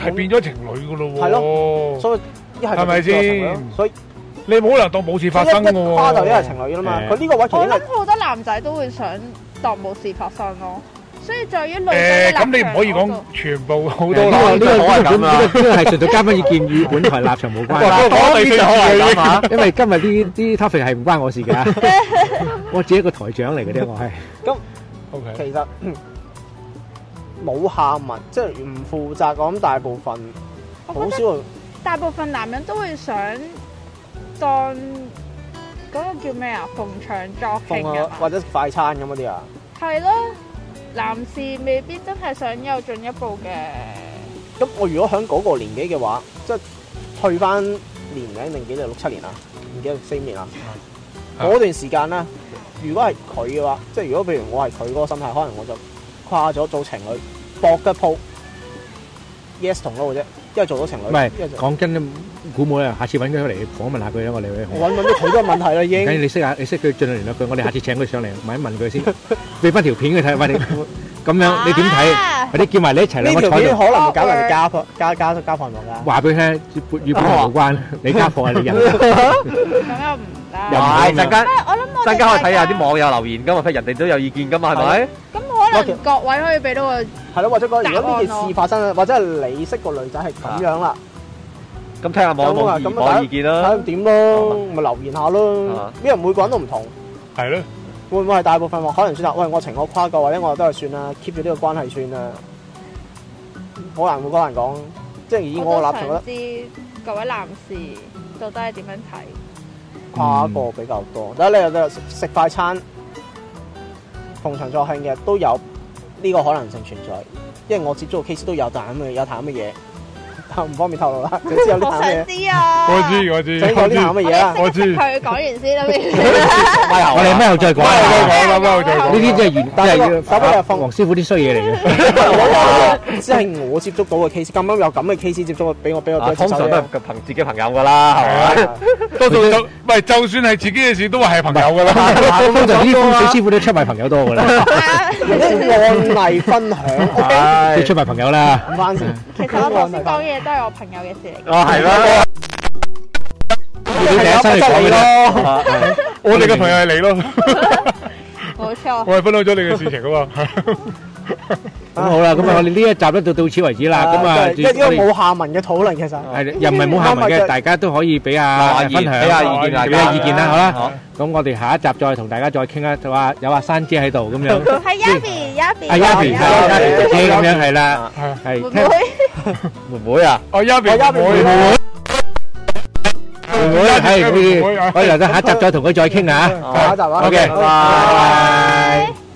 係變咗情侶噶咯喎，所以一係係咪先？所以你冇可能當冇事發生喎。一花就一係情侶啦嘛，佢呢個位，我諗好多男仔都會想當冇事發生咯。所以在於女仔。誒，咁你唔可以講全部好多男仔。呢個呢個係咁啊，呢個係實在嘉賓意見，與本台立場無關。我講你就好啦，因為今日呢啲 topic 係唔關我事嘅。我自己一個台長嚟嘅啫，我係。咁，OK，其實。冇下文，即係唔負責咁。大部分好少，大部分男人都會想當嗰個叫咩啊？逢場作戲啊，或者快餐咁嗰啲啊。係咯，男士未必真係想有進一步嘅。咁我如果喺嗰個年紀嘅話，即係去翻年齡定幾年六七年啊，唔記得六四年啦。嗰段時間咧，如果係佢嘅話，即係如果譬如我係佢嗰個心態，可能我就。跨咗做情侶，搏嘅鋪，yes 同咯嘅啫，因為做咗情侶。唔係講緊古舞咧，下次揾佢嚟訪問下佢啦，我哋。揾揾都好多問題啦，已經。咁你識下，你識佢，儘量聯絡佢。我哋下次請佢上嚟，問一問佢先。俾返條片佢睇，喂，你咁樣，你點睇？或者叫埋你一齊啦。呢條片可能會搞人哋家婆、家家家婆同架。話俾佢聽，與與婆無關，你家婆係你人。咁啊唔得。唔係，陣間我諗，陣間可以睇下啲網友留言噶嘛，睇人哋都有意見噶嘛，係咪？各位可以俾到個，係咯，或者講如果呢件事發生啦，或者係你識個女仔係咁樣啦，咁睇下我有冇咁我意見啦。睇下點咯，咪、啊、留言下咯，啊、因為每個人都唔同，係咯、啊，會唔會係大部分話可能算啦，喂，我情我跨過，或者我都係算啦，keep 住呢個關係算啦，好難，好難講，即係以我嘅立場，知各位男士到底係點樣睇，嗯、跨過比較多，但係你又得食快餐。逢場作戲嘅都有呢個可能性存在，因為我接觸嘅 case 都有談嘅，有談乜嘢。唔方便透露啦。總之有啲朋友知啊。我知我知。再講啲咁嘅嘢啦。我知。佢講完先啦。我哋咩又再講？咩又再講？呢啲真係完真係要。放黃師傅啲衰嘢嚟嘅。即係我接觸到嘅 case，咁啱有咁嘅 case 接觸，俾我俾我多啲。通常都係憑自己朋友噶啦，係多數就就算係自己嘅事，都話係朋友噶啦。通常呢啲小師傅都出賣朋友多噶啦。案例分享，即出賣朋友啦。唔關事。都係我朋友嘅事嚟嘅。哦，係嘅係我咯，我哋嘅朋友係你咯。 冇錯，我係分享咗你嘅事情㗎嘛。咁好啦，咁啊，我哋呢一集咧就到此為止啦。咁啊，一啲冇下文嘅討論其實，又唔係冇下文嘅，大家都可以俾阿分享，俾下意見，俾下意見啦，好啦。咁我哋下一集再同大家再傾啦。就話有阿珊姐喺度咁樣。阿雅萍，雅萍，阿雅萍，阿雅萍，咁樣係啦，係。唔會，唔會啊！哦，雅萍，雅萍。係可以，可以留低下一集再同佢再傾啊！下一集啊，OK，拜拜 okay.。